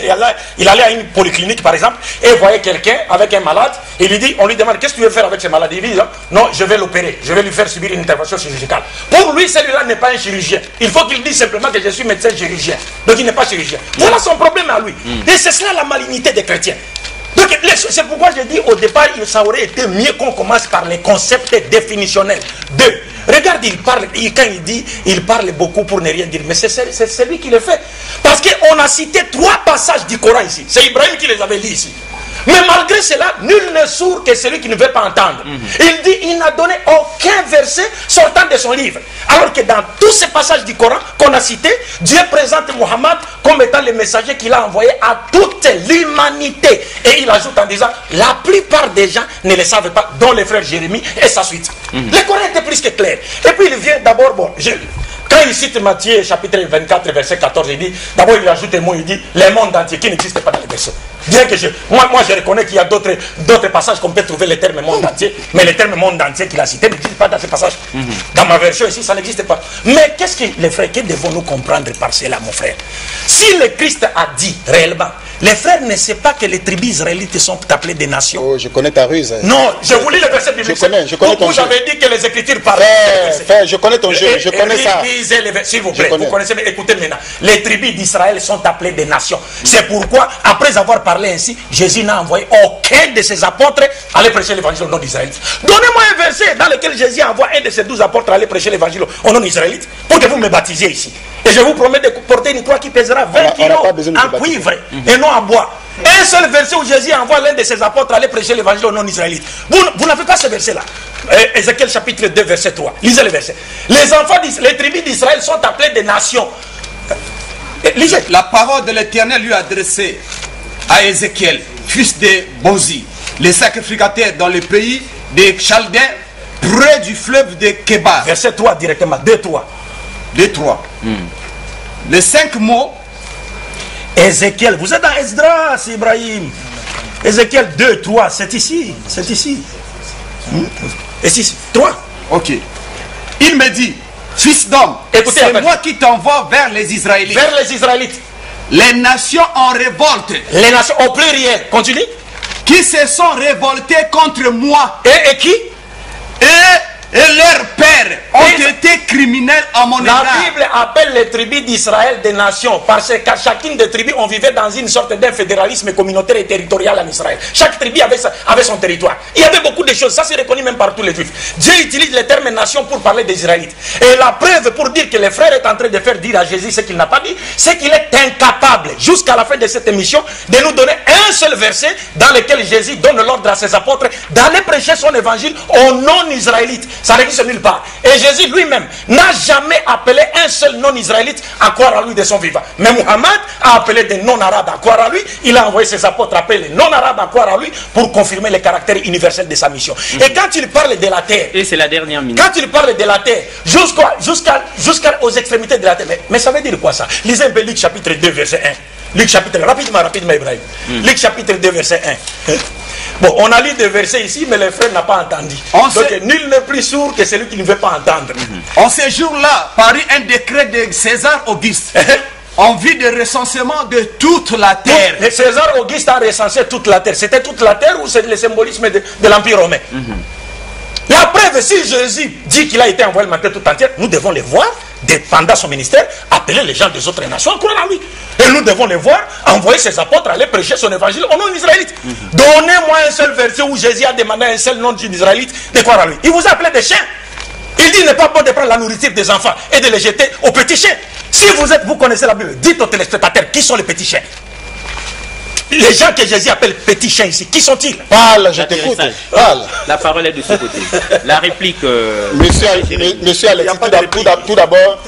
il allait à une polyclinique par exemple, et voyait quelqu'un avec un malade, et lui dit, on lui demande, qu'est-ce que tu veux faire avec ce malade Il dit, non, je vais l'opérer, je vais lui faire subir une intervention chirurgicale. Pour lui, celui-là n'est pas un chirurgien. Il faut qu'il dise simplement que je suis médecin chirurgien. Donc il n'est pas chirurgien. Voilà son problème à lui. Hmm. Et c'est cela la malignité des chrétiens. Donc c'est pourquoi je dis au départ, ça aurait été mieux qu'on commence par les concepts définitionnels. de. Regarde, il parle, quand il dit, il parle beaucoup pour ne rien dire. Mais c'est celui qui le fait. Parce qu'on a cité trois passages du Coran ici. C'est Ibrahim qui les avait lus ici. Mais malgré cela, nul ne sourd que celui qui ne veut pas entendre. Mhm. Il dit, il n'a donné aucun verset sortant de son livre. Alors que dans tous ces passages du Coran qu'on a cités, Dieu présente Mohammed comme étant le messager qu'il a envoyé à toute l'humanité. Et il ajoute en disant, la plupart des gens ne le savent pas, dont les frères Jérémie et sa suite. Mhm. Le Coran était plus que clair. Et puis il vient d'abord, bon, quand il cite Matthieu chapitre 24, verset 14, il dit, d'abord il ajoute un mot, il dit, les mondes entier qui n'existe pas dans les versets. Bien que Moi, moi je reconnais qu'il y a d'autres passages qu'on peut trouver les termes monde entier, mais les termes monde entier qu'il a cité n'existe pas dans ce passage. Mhm. Dans ma version ici, ça n'existe pas. Mais qu'est-ce que les frères, que devons-nous comprendre par cela, mon frère Si le Christ a dit réellement, les frères ne savent pas que les tribus israélites sont appelées des nations. Oh, je connais ta ruse. Non, je vous lis le verset biblique. Je connais, je connais ton dit que les Écritures parlent. Frère, je connais ton jeu, je connais ça. S'il vous plaît, vous connaissez, mais écoutez maintenant. Les tribus d'Israël sont appelées des nations. C'est pourquoi, après avoir parlé ainsi, Jésus n'a envoyé aucun de ses apôtres aller prêcher l'évangile au nom d'Israël. Donnez-moi un verset dans lequel Jésus envoie un de ses douze apôtres aller prêcher l'évangile au nom israélite pour que vous me baptisiez ici. Et je vous promets de porter une croix qui pèsera 20 kilos en cuivre mhm. et non en bois. Un seul verset où Jésus envoie l'un de ses apôtres aller prêcher l'évangile au nom d'israël Vous, n'avez pas ce verset-là. Euh, Ézéchiel chapitre 2, verset 3. Lisez le verset. Les enfants, les tribus d'Israël sont appelés des nations. Euh, lisez. La parole de l'Éternel lui adressée à Ézéchiel, fils de Bozi, les sacrificateurs dans le pays des Chaldéens, près du fleuve de Kébar. Verset 3 directement, 2 3. 2 3. Les cinq mots. Ézéchiel, vous êtes à Esdras, Ibrahim. Ézéchiel 2, 3, c'est ici, c'est ici. Hmm. Et 6, 3. Ok. Il me dit, fils d'homme, c'est moi qui t'envoie vers les Israélites. Vers les Israélites. Les nations en révolte. Les nations au pluriel. Continue. Qui se sont révoltées contre moi. Et, et qui Et et leurs pères ont été criminels à mon égard. La Bible appelle les tribus d'Israël des nations parce qu'à chacune des tribus, on vivait dans une sorte d'un fédéralisme communautaire et territorial en Israël. Chaque tribu avait, avait, son territoire. Il y avait beaucoup de choses. Ça, c'est reconnu même par tous les juifs. Dieu utilise les termes nations pour parler des Israélites. Et la preuve pour dire que les frères est en train de faire dire à Jésus ce qu'il n'a pas dit, c'est qu'il est incapable, jusqu'à la fin de cette émission, de nous donner un seul verset dans lequel Jésus donne l'ordre à ses apôtres d'aller prêcher son évangile aux non-israélites. Ça n'existe nulle part. Et Jésus lui-même n'a jamais appelé un seul non-israélite à croire à lui de son vivant. Mais Muhammad a appelé des non-arabes à croire à lui. Il a envoyé ses apôtres appeler les non-arabes à croire à lui pour confirmer le caractère universel de sa mission. Et quand il parle de la terre. Et c'est la dernière Quand il parle de la terre, jusqu'aux extrémités de la terre. Mais, ça veut dire quoi ça Lisez un chapitre 2, verset 1. Luc chapitre, rapidement, rapidement, Ibrahim. Hmm. Luc chapitre 2, verset 1. Eh. Bon, on a lu des versets ici, mais le frère n'a pas entendu. Donc, nul n'est plus sourd que celui qui ne veut pas entendre. Hmm. En ce jour là parut un décret de César Auguste. Eh, eh. en vue de recensement de toute la terre. Et César Auguste a recensé toute la terre. C'était toute la terre ou c'est le symbolisme de, l'Empire romain hmm. La preuve, si Jésus dit qu'il a été envoyé le matin tout entière, nous devons le voir dépendant son ministère, appeler les gens des autres nations à croire en lui. Et nous devons les voir, envoyer ses apôtres aller prêcher son évangile au nom un israélite mhm. Donnez-moi un seul verset où Jésus a demandé un seul nom d'une Israélite de croire en lui. Il vous appelait des chiens. Il dit, il n'est pas bon de prendre la nourriture des enfants et de les jeter aux petits chiens. Si vous êtes, vous connaissez la Bible, dites aux téléspectateurs qui sont les petits chiens. Les gens que Jésus appelle petits chiens ici, qui sont-ils Parle, je t'écoute. Parle. La parole est de ce côté. La réplique. Euh, monsieur, monsieur tout d'abord,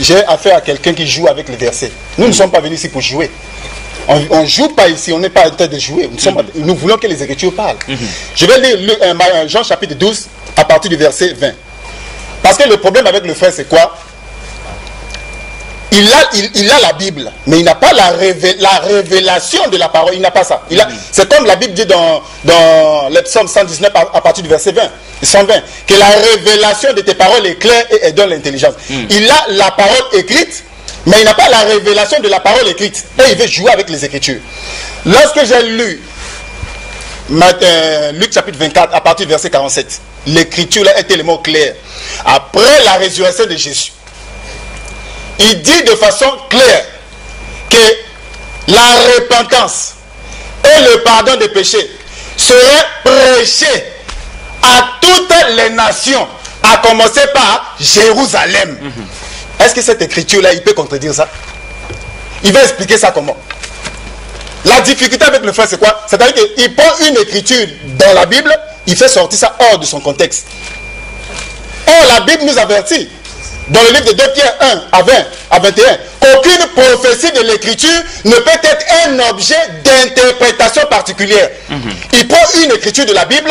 j'ai affaire à quelqu'un qui joue avec les versets. Nous ne sommes pas venus ici pour jouer. On ne joue pas ici, on n'est pas en train de jouer. Nous, mhm. voulons que les Écritures parlent. Mhm. Je vais lire Jean chapitre 12 à partir du verset 20. Parce que le problème avec le frère, c'est quoi il a, il, a la Bible, mais il n'a pas la, la, révélation de la parole. Il n'a pas ça. Il a, mm. c'est comme la Bible dit dans, dans le 119 à, partir du verset 20, 120, que la révélation de tes paroles est claire et donne l'intelligence. Mm. Il a la parole écrite, mais il n'a pas la révélation de la parole écrite. Et il veut jouer avec les Écritures. Lorsque j'ai lu euh, Luc chapitre 24 à partir du verset 47, l'écriture est tellement claire. Après la résurrection de Jésus, il dit de façon claire que la repentance et le pardon des péchés seraient prêchés à toutes les nations, à commencer par Jérusalem. Mhm. Est-ce que cette écriture-là, il peut contredire ça Il va expliquer ça comment La difficulté avec le frère, c'est quoi C'est-à-dire qu'il prend une écriture dans la Bible, il fait sortir ça hors de son contexte. Or, la Bible nous avertit dans le livre de 2 Pierre 1 à 20 à 21, aucune prophétie de l'écriture ne peut être un objet d'interprétation particulière. Mhm. Il prend une écriture de la Bible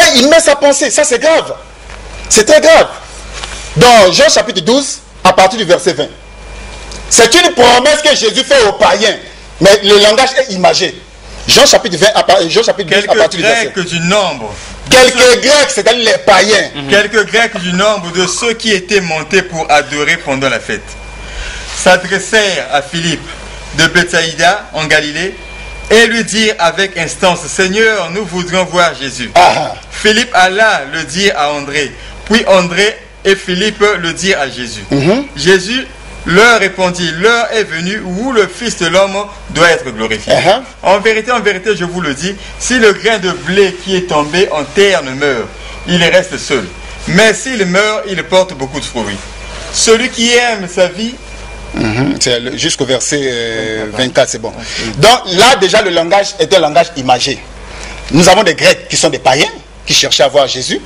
et il met sa pensée. Ça, c'est grave. C'est très grave. Dans Jean chapitre 12, à partir du verset 20. C'est une promesse que Jésus fait aux païens, mais le langage est imagé. Jean chapitre 20 à, Jean chapitre du nombre. Quelques Grecs, c'est-à-dire les païens. Mhm. Quelques Grecs du nombre de ceux qui étaient montés pour adorer pendant la fête s'adressèrent à Philippe de Bethsaïda en Galilée et lui dirent avec instance Seigneur, nous voudrions voir Jésus. Ah, ah. Philippe alla le dire à André, puis André et Philippe le dirent à Jésus. Mhm. Jésus leur répondit, l'heure est venue où le Fils de l'homme doit être glorifié. Uh-huh. En vérité, en vérité, je vous le dis, si le grain de blé qui est tombé en terre ne meurt, il reste seul. Mais s'il meurt, il porte beaucoup de fruits. Celui qui aime sa vie mm-hmm. Jusqu'au verset 24, euh, c'est bon. Donc là, déjà, le langage est un langage imagé. Nous avons des Grecs qui sont des païens, qui cherchaient à voir Jésus.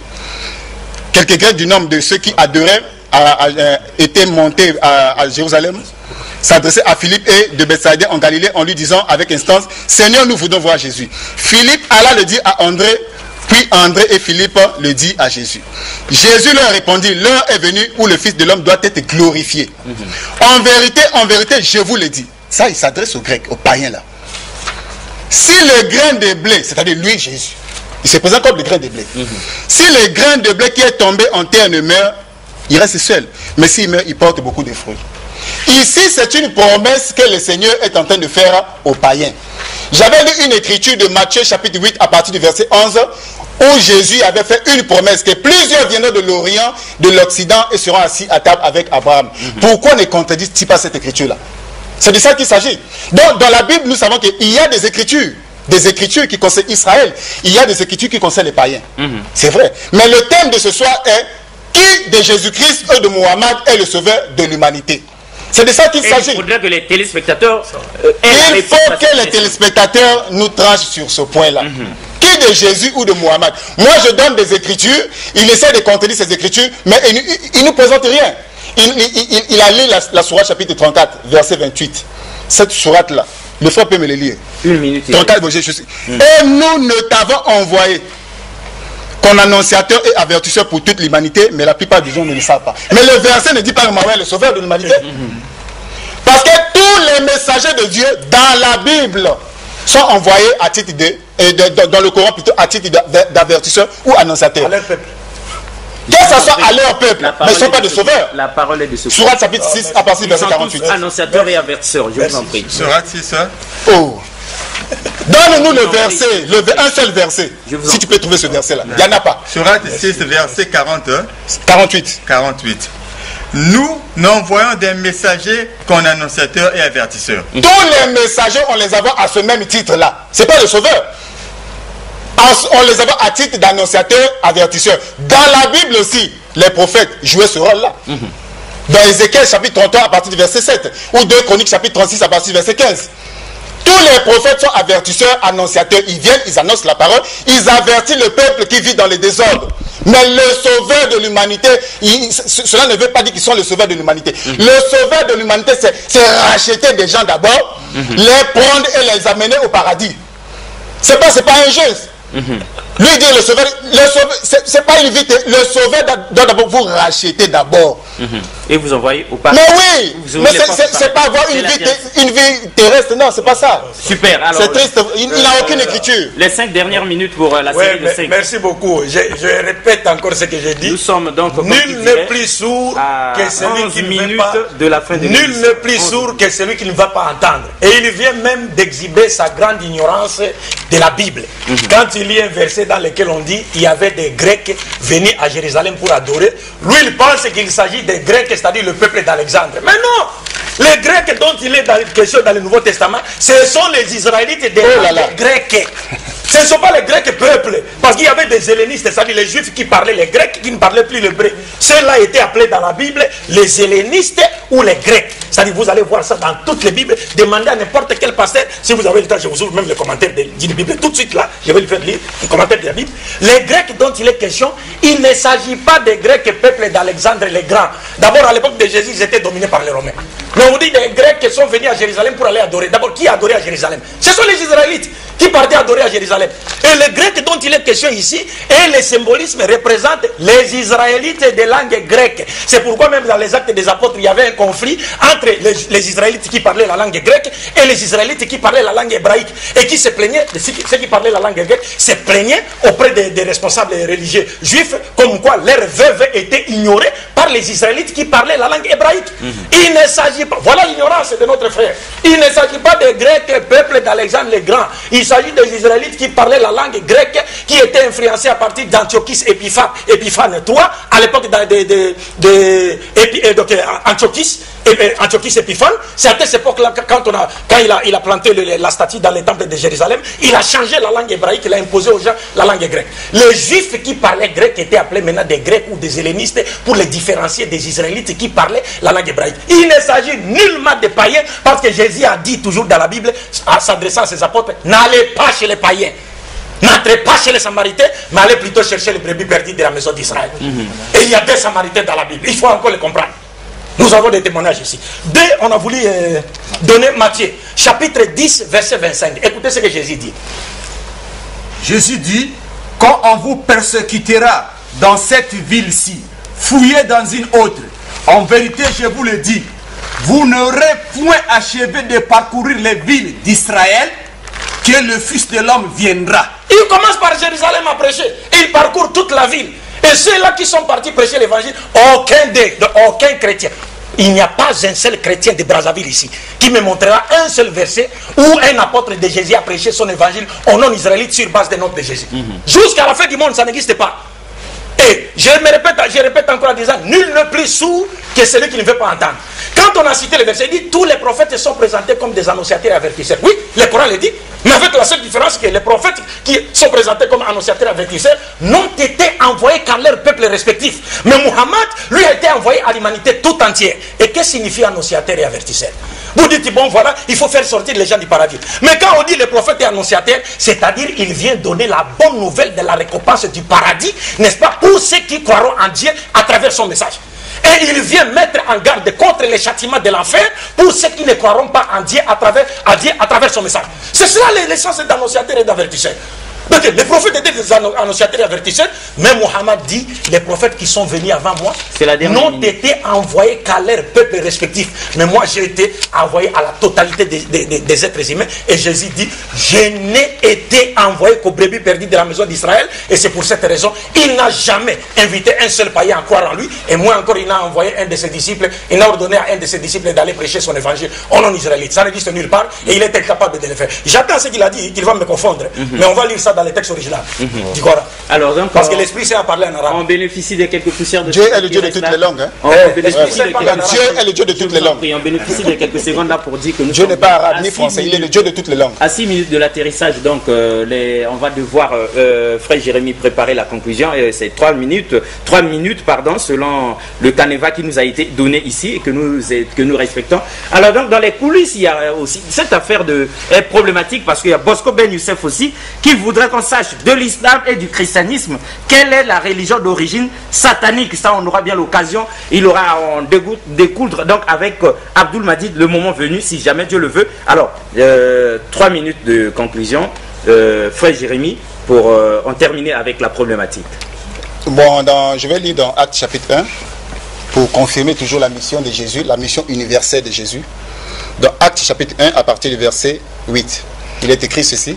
Quelques Grecs du nombre de ceux qui adoraient a, monté à, Jérusalem, s'adressait à Philippe et de Bethsaïd en Galilée en lui disant avec instance, Seigneur, nous voulons voir Jésus. Philippe alla le dire à André, puis André et Philippe le dit à Jésus. Jésus leur répondit, l'heure est venue où le Fils de l'homme doit être glorifié. Mhm. En vérité, en vérité, je vous le dis. Ça, il s'adresse aux Grecs, aux païens là. Si le grain de blé, c'est-à-dire lui, Jésus, il se présente comme le grain de blé. Mhm. Si le grain de blé qui est tombé en terre ne meurt, il reste seul. Mais s'il meurt, il porte beaucoup de fruits. Ici, c'est une promesse que le Seigneur est en train de faire aux païens. J'avais lu une écriture de Matthieu chapitre 8 à partir du verset 11 où Jésus avait fait une promesse que plusieurs viendront de l'Orient, de l'Occident et seront assis à table avec Abraham. Mhm. Pourquoi ne contredit-il pas cette écriture-là C'est de ça qu'il s'agit. Donc, dans la Bible, nous savons qu'il y a des écritures. Des écritures qui concernent Israël. Il y a des écritures qui concernent les païens. Mhm. C'est vrai. Mais le thème de ce soir est qui de Jésus-Christ ou de Mohammed est le sauveur de l'humanité. C'est de ça qu'il s'agit. Il faudrait que les téléspectateurs. Euh, il faut que les téléspectateurs nous tranchent sur ce point-là. Mhm. Qui de Jésus ou de Mohammed Moi, je donne des écritures. Il essaie de contenir ces écritures, mais il, ne nous présente rien. Il, a lu la, sourate chapitre 34, verset 28. Cette sourate-là, le frère peut me le lire. Une minute. 34, mhm. Et nous ne t'avons envoyé qu'on annonciateur et avertisseur pour toute l'humanité, mais la plupart des gens ne le savent pas. Mais le verset ne dit pas que Marie le sauveur de l'humanité. [LAUGHS] Parce que tous les messagers de Dieu dans la Bible sont envoyés à titre de, euh, dans le Coran plutôt à titre d'avertisseur ou annonciateur. À leur peuple. Que ce soit à leur peuple, mais ils ne sont pas de sauveurs. La parole est de ce Surat chapitre 6 à partir du verset 48. Annonciateur et avertisseur, je vous en prie. Surat 6, hein? Oh. Donne-nous le verset, le, un seul verset. Si tu peux trouver ce verset-là. Il n'y en a pas. Surat 6, verset 41. 48. 48. Nous n'envoyons des messagers qu'en annonciateurs et avertisseurs. Tous les messagers, on les a à ce même titre-là. Ce n'est pas le sauveur. On les a à titre d'annonciateurs, avertisseurs. Dans la Bible aussi, les prophètes jouaient ce rôle-là. Mhm. Dans Ézéchiel chapitre 33 à partir du verset 7, ou 2 Chroniques chapitre 36 à partir du verset 15. Tous les prophètes sont avertisseurs, annonciateurs. Ils viennent, ils annoncent la parole, ils avertissent le peuple qui vit dans les désordres. Mais le sauveur de l'humanité, cela ne veut pas dire qu'ils sont le sauveur de l'humanité. Mhm. Le sauveur de l'humanité, c'est racheter des gens d'abord, mhm. les prendre et les amener au paradis. C'est pas, pas un jeu. Mhm. Lui dire le sauveur, le n'est c'est pas une Le sauveur doit d'abord vous racheter d'abord et vous envoyez au pasteur. Mais oui, mais c'est pas avoir une vie, terrestre, non, c'est pas ça. Super. C'est euh, triste, il n'a euh, aucune écriture. Les cinq dernières minutes pour euh, la série de cinq. Merci beaucoup. Je, répète encore ce que j'ai dit. Nous sommes donc nul n'est plus sourd que celui qui ne pas de la fin Nul n'est plus sourd que celui qui ne va pas entendre. Et il vient même d'exhiber sa grande ignorance de la Bible. Mhm. Quand il y un verset dans lequel on dit il y avait des Grecs venus à Jérusalem pour adorer, lui il pense qu'il s'agit des Grecs c'est-à-dire le peuple d'Alexandre. Mais non Les Grecs dont il est question dans le Nouveau Testament, ce sont les Israélites des oh Grecs. [LAUGHS] Ce ne sont pas les Grecs peuples. parce qu'il y avait des hélénistes, c'est-à-dire les Juifs qui parlaient les Grecs, qui ne parlaient plus le bre. Ceux-là étaient appelés dans la Bible les hélénistes ou les Grecs. C'est-à-dire, vous allez voir ça dans toutes les Bibles. Demandez à n'importe quel pasteur, si vous avez le temps, je vous ouvre même le commentaire la Bible tout de suite là, je vais lui faire lire le commentaire de la Bible. Les Grecs dont il est question, il ne s'agit pas des Grecs peuples d'Alexandre le Grand. D'abord, à l'époque de Jésus, ils étaient dominés par les Romains. Mais on dit des Grecs qui sont venus à Jérusalem pour aller adorer. D'abord, qui adorait à Jérusalem Ce sont les Israélites qui partaient adorer à Jérusalem. Et le grec dont il est question ici, et le symbolisme représente les Israélites des langues grecques C'est pourquoi même dans les actes des apôtres, il y avait un conflit entre les, Israélites qui parlaient la langue grecque et les Israélites qui parlaient la langue hébraïque. Et qui se plaignaient, ceux qui, parlaient la langue grecque, se plaignaient auprès des, responsables religieux juifs, comme quoi leurs veuves étaient ignorées par les Israélites qui parlaient la langue hébraïque. Mhm. Il ne s'agit pas, voilà l'ignorance de notre frère, il ne s'agit pas des Grecs, peuple d'Alexandre le Grand. Il s'agit des Israélites qui parlait la langue grecque, qui était influencée à partir d'Antiochus Epiphane, Épiphane III, à l'époque d'Antiochus euh, Antiochus eh ben, Epiphane c'est à cette époque-là, quand, quand il, a, planté la statue dans les temples de Jérusalem, il a changé la langue hébraïque, il a imposé aux gens la langue grecque. Les juifs qui parlaient grec étaient appelés maintenant des grecs ou des hellénistes pour les différencier des israélites qui parlaient la langue hébraïque. Il ne s'agit nullement de païens, parce que Jésus a dit toujours dans la Bible, en s'adressant à ses apôtres, n'allez pas chez les païens. N'entrez pas chez les Samaritains, mais allez plutôt chercher le brebis perdus de la maison d'Israël. Mhm. Et il y a des Samaritains dans la Bible. Il faut encore les comprendre. Nous avons des témoignages ici. Deux, on a voulu euh, donner Matthieu, chapitre 10, verset 25. Écoutez ce que Jésus dit. Jésus dit, quand on vous persécutera dans cette ville-ci, fouillez dans une autre. En vérité, je vous le dis, vous n'aurez point achevé de parcourir les villes d'Israël que le Fils de l'homme viendra. Il commence par Jérusalem à prêcher. Il parcourt toute la ville. Et ceux-là qui sont partis prêcher l'évangile, aucun des, aucun chrétien, il n'y a pas un seul chrétien de Brazzaville ici qui me montrera un seul verset où un apôtre de Jésus a prêché son évangile au nom israélite sur base des notes de Jésus. Mhm. Jusqu'à la fin du monde, ça n'existe pas. Et je répète, répète encore en disant, nul ne plus sourd que celui qui ne veut pas entendre. Quand on a cité le verset, il dit, tous les prophètes sont présentés comme des annonciateurs et avertisseurs. Oui, le Coran le dit, mais avec la seule différence que les prophètes qui sont présentés comme annonciateurs et avertisseurs n'ont été envoyés qu'à leur peuple respectif. Mais Muhammad, lui, a été envoyé à l'humanité tout entière. Et que signifie annonciateur et avertisseur vous dites, bon voilà, il faut faire sortir les gens du paradis. Mais quand on dit le prophète est annonciateur, c'est-à-dire il vient donner la bonne nouvelle de la récompense du paradis, n'est-ce pas, pour ceux qui croiront en Dieu à travers son message. Et il vient mettre en garde contre les châtiments de l'enfer pour ceux qui ne croiront pas en Dieu à travers, à Dieu, à travers son message. C'est cela l'essence d'annonciateur et d'avertisseur les prophètes étaient des annonciateurs et avertisseurs, mais Mohammed dit les prophètes qui sont venus avant moi n'ont été envoyés qu'à leur peuple respectif. Mais moi, j'ai été envoyé à la totalité des, êtres humains. Et Jésus dit Je n'ai été envoyé qu'au brebis perdus de la maison d'Israël. Et c'est pour cette raison, il n'a jamais invité un seul païen à croire en lui. Et moi encore, il n'a envoyé un de ses disciples, il a ordonné à un de ses disciples d'aller prêcher son évangile au nom israélite. Ça n'existe nulle part et il était capable de le faire. J'attends ce qu'il a dit, qu'il va me confondre. Mhm. Mais on va lire ça dans les textes originaux mhm. Alors, donc, Parce que l'Esprit sait en parler en arabe. On bénéficie de quelques poussières de Dieu est le Dieu de toutes les langues. Hein. Eh, Dieu est le Dieu de toutes les langues. On bénéficie de quelques secondes là pour dire que nous Dieu n'est pas arabe ni français, il est le Dieu de toutes les langues. À 6 minutes de l'atterrissage, donc, euh, on va devoir, euh, euh, frère Jérémy, préparer la conclusion. C'est 3 minutes, 3 minutes, pardon, selon le canevas qui nous a été donné ici et que nous, respectons. Alors, donc, dans les coulisses, il y a aussi cette affaire de, est problématique parce qu'il y a Bosco Ben Youssef aussi qui voudrait qu'on sache de l'islam et du christianisme quelle est la religion d'origine satanique. Ça, on aura bien l'occasion. Il aura à en découdre donc avec euh, Abdul Madid le moment venu, si jamais Dieu le veut. Alors, euh, trois minutes de conclusion, euh, frère Jérémy, pour en terminer avec la problématique. Bon, je vais lire dans Acte chapitre 1 pour confirmer toujours la mission de Jésus, la mission universelle de Jésus. Dans Acte chapitre 1, à partir du verset 8, il est écrit ceci.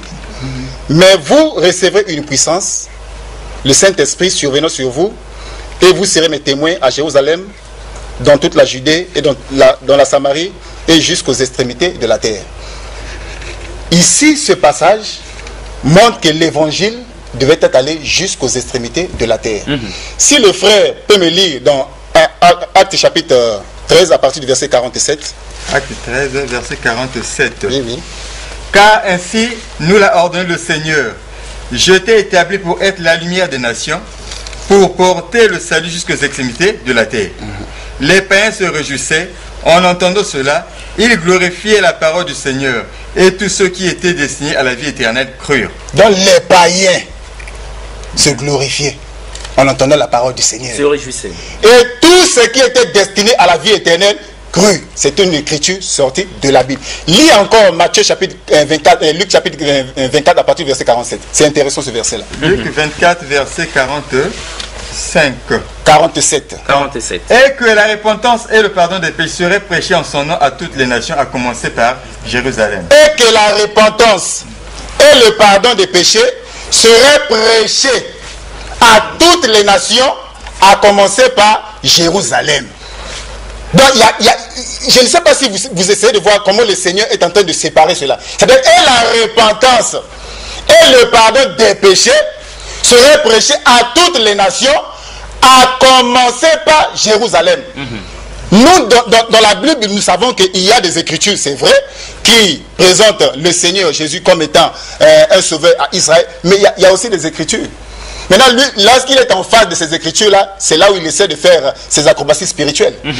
Mais vous recevrez une puissance, le Saint-Esprit survenant sur vous, et vous serez mes témoins à Jérusalem, dans toute la Judée et dans la, dans la Samarie et jusqu'aux extrémités de la terre. Ici, ce passage montre que l'évangile devait être allé jusqu'aux extrémités de la terre. Mhm. Si le frère peut me lire dans Acte chapitre 13 à partir du verset 47. Acte 13, verset 47. Oui, oui. Car ainsi nous l'a ordonné le Seigneur. Je t'ai établi pour être la lumière des nations, pour porter le salut jusqu'aux extrémités de la terre. Mhm. Les païens se réjouissaient en entendant cela, ils glorifiaient la parole du Seigneur et tous ceux qui étaient destinés à la vie éternelle crurent. Donc les païens se glorifiaient en entendant la parole du Seigneur. Se réjouissaient. Et tous ceux qui étaient destinés à la vie éternelle Cru, C'est une écriture sortie de la Bible. Lis encore Matthieu chapitre 24, euh, euh, Luc chapitre 24 euh, à partir du verset 47. C'est intéressant ce verset-là. Luc 24, verset 45. 47. 47. Et que la repentance et le pardon des péchés seraient prêchés en son nom à toutes les nations, à commencer par Jérusalem. Et que la repentance et le pardon des péchés seraient prêchés à toutes les nations, à commencer par Jérusalem. Donc, y a, je ne sais pas si vous, essayez de voir comment le Seigneur est en train de séparer cela. C'est-à-dire, et la repentance et le pardon des péchés seraient prêchés à toutes les nations, à commencer par Jérusalem. Mhm. Nous, dans, la Bible, nous savons qu'il y a des écritures, c'est vrai, qui présentent le Seigneur Jésus comme étant euh, un sauveur à Israël, mais il y, a, aussi des écritures. Maintenant, lui, lorsqu'il est en face de ces écritures-là, c'est là où il essaie de faire ses acrobaties spirituelles. Mhm.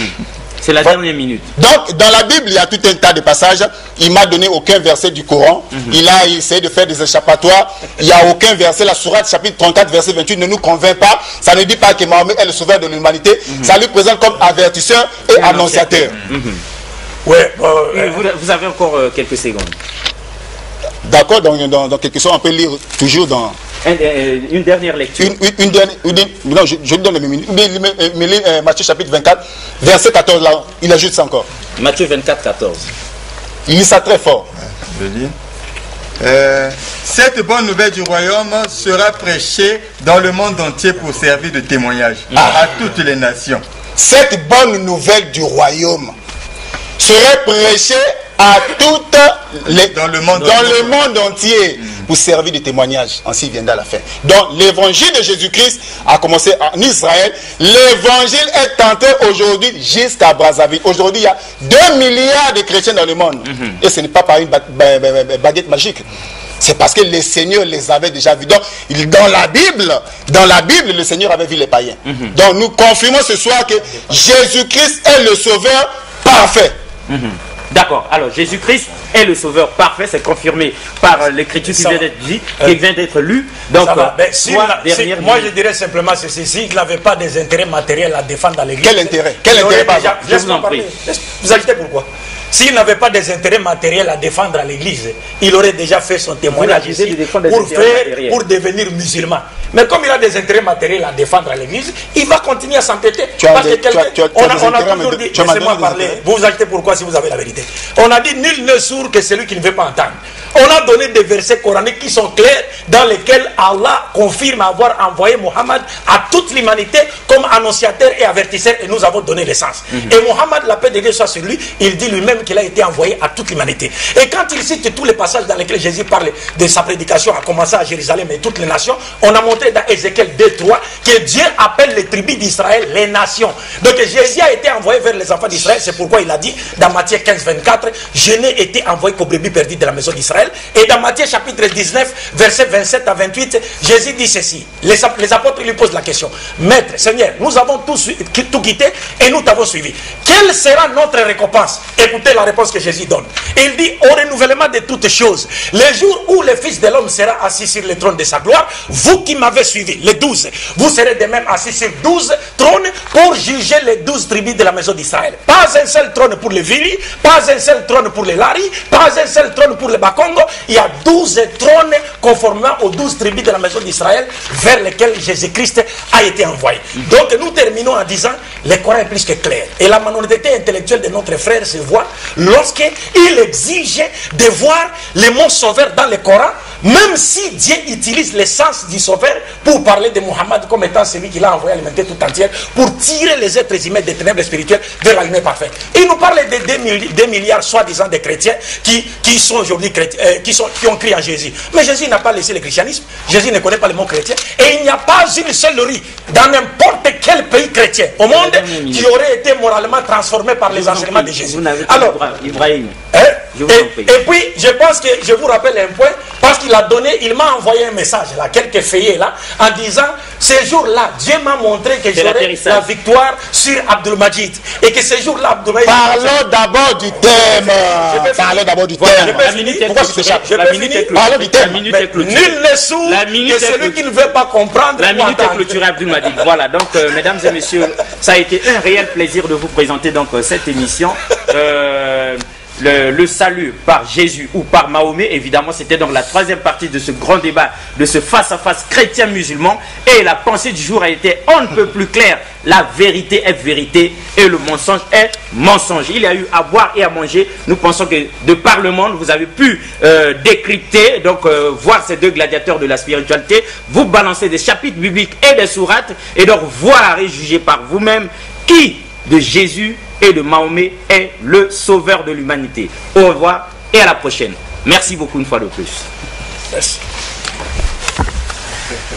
C'est la dernière minute. Donc, dans la Bible, il y a tout un tas de passages. Il m'a donné aucun verset du Coran. Mhm. Il a essayé de faire des échappatoires. Il n'y a aucun verset. La sourate, chapitre 34, verset 28, ne nous convainc pas. Ça ne dit pas que Mahomet est le sauveur de l'humanité. Mhm. Ça lui présente comme avertisseur et annonciateur. Mhm. ouais, euh, vous, avez encore euh, quelques secondes. D'accord, dans, dans, dans quelque chose, on peut lire toujours dans, euh, une, dernière lecture. Une, non, je, donne le minutes. Euh, euh, Matthieu chapitre 24, verset 14, là, il ajoute ça encore. Matthieu 24, 14. Il lit ça très fort. Je cette bonne nouvelle du royaume sera prêchée dans le monde entier pour servir de témoignage ah. à toutes les nations. Cette bonne nouvelle du royaume sera prêchée à toutes les dans le monde, dans entier. Le monde entier. Mm pour servir de témoignage. Ainsi viendra la fin. Donc l'évangile de Jésus-Christ a commencé en Israël. L'évangile est tenté aujourd'hui jusqu'à Brazzaville. Aujourd'hui, il y a 2 milliards de chrétiens dans le monde. Mhm. Et ce n'est pas par une baguette magique. C'est parce que le Seigneur les avait déjà vus. Donc, dans la Bible, dans la Bible, le Seigneur avait vu les païens. Mhm. Donc, nous confirmons ce soir que Jésus-Christ est le Sauveur parfait. Mhm. D'accord. Alors, Jésus-Christ est le sauveur parfait, c'est confirmé par l'écriture qui vient d'être dit, qui vient d'être lue. Donc, moi, je dirais simplement ceci s'il n'avait pas des intérêts matériels à défendre dans l'église. Quel intérêt Quel intérêt Je vous en prie. Vous agitez pourquoi s'il n'avait pas des intérêts matériels à défendre à l'Église, il aurait déjà fait son témoignage pour, devenir musulman. Mais comme il a des intérêts matériels à défendre à l'Église, il va continuer à s'entêter. Parce que quelqu'un, on, a, on a toujours dit, laissez-moi parler, vous vous achetez pourquoi si vous avez la vérité. On a dit, nul ne sourd que celui qui ne veut pas entendre. On a donné des versets coraniques qui sont clairs, dans lesquels Allah confirme avoir envoyé Mohammed à toute l'humanité comme annonciateur et avertisseur, et nous avons donné l'essence. Mhm. Et Mohammed, la paix de Dieu soit sur lui, il dit lui-même qu'il a été envoyé à toute l'humanité. Et quand il cite tous les passages dans lesquels Jésus parle de sa prédication, à commencer à Jérusalem et toutes les nations, on a montré dans Ézéchiel 3 que Dieu appelle les tribus d'Israël les nations. Donc Jésus a été envoyé vers les enfants d'Israël, c'est pourquoi il a dit dans Matthieu 15, 24, je n'ai été envoyé qu'aux brebis perdus de la maison d'Israël. Et dans Matthieu chapitre 19, versets 27 à 28, Jésus dit ceci. Les, apôtres lui posent la question. Maître, Seigneur, nous avons tout, tout quitté et nous t'avons suivi. Quelle sera notre récompense Écoutez la réponse que Jésus donne. Il dit, au renouvellement de toutes choses, le jour où le Fils de l'homme sera assis sur le trône de sa gloire, vous qui m'avez suivi, les douze, vous serez de même assis sur douze trônes pour juger les douze tribus de la maison d'Israël. Pas un seul trône pour les Vili, pas un seul trône pour les Lari, pas un seul trône pour les Bakong, il y a 12 trônes conformément aux douze tribus de la maison d'Israël vers lesquelles Jésus-Christ a été envoyé. Donc nous terminons en disant, le Coran est plus que clair. Et la minorité intellectuelle de notre frère se voit lorsqu'il exige de voir les mots sauveurs dans le Coran, même si Dieu utilise l'essence du sauveur pour parler de Mohammed comme étant celui qu'il a envoyé à l'humanité tout entière pour tirer les êtres humains des ténèbres spirituelles de la lumière parfaite. Il nous parle des 2 milliards soi-disant de chrétiens qui sont aujourd'hui chrétiens euh, qui, ont crié à Jésus. Mais Jésus n'a pas laissé le christianisme. Jésus ne connaît pas le mot chrétien. Et il n'y a pas une seule rue dans n'importe quel pays chrétien au monde qui aurait été moralement transformé par les enseignements de Jésus. Alors, Ibrahim. Hein, et, puis, je pense que je vous rappelle un point, parce qu'il a donné, il m'a envoyé un message là, quelques feuillets là, en disant ce jour là Dieu m'a montré que j'aurai la victoire sur Abdelmajid. Et que ce jour là Abdelmajid. Parlons d'abord du thème. Parlons d'abord du thème. La minute est clôture La minute est Parlons du thème. Nul n'est sous. La minute est celui qui ne veut pas comprendre. La minute est clôturée, Abdelmajid. Voilà, donc, euh, mesdames et messieurs, ça a été un réel plaisir de vous présenter donc, euh, cette émission. Euh, le, salut par Jésus ou par Mahomet, évidemment, c'était donc la troisième partie de ce grand débat, de ce face-à-face chrétien-musulman. Et la pensée du jour a été on ne peut plus clair, La vérité est vérité et le mensonge est mensonge. Il y a eu à boire et à manger. Nous pensons que de par le monde, vous avez pu euh, décrypter, donc euh, voir ces deux gladiateurs de la spiritualité, vous balancer des chapitres bibliques et des sourates, et donc voir et juger par vous-même qui de Jésus et de Mahomet est le sauveur de l'humanité. Au revoir et à la prochaine. Merci beaucoup une fois de plus. Merci.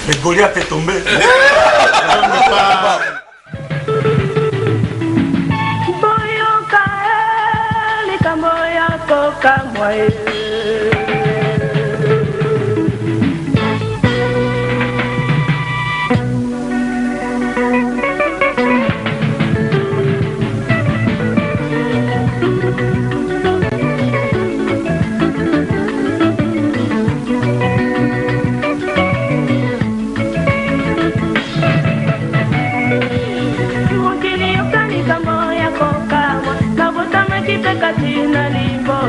Mais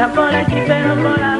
Está por aquí, pero por ahora.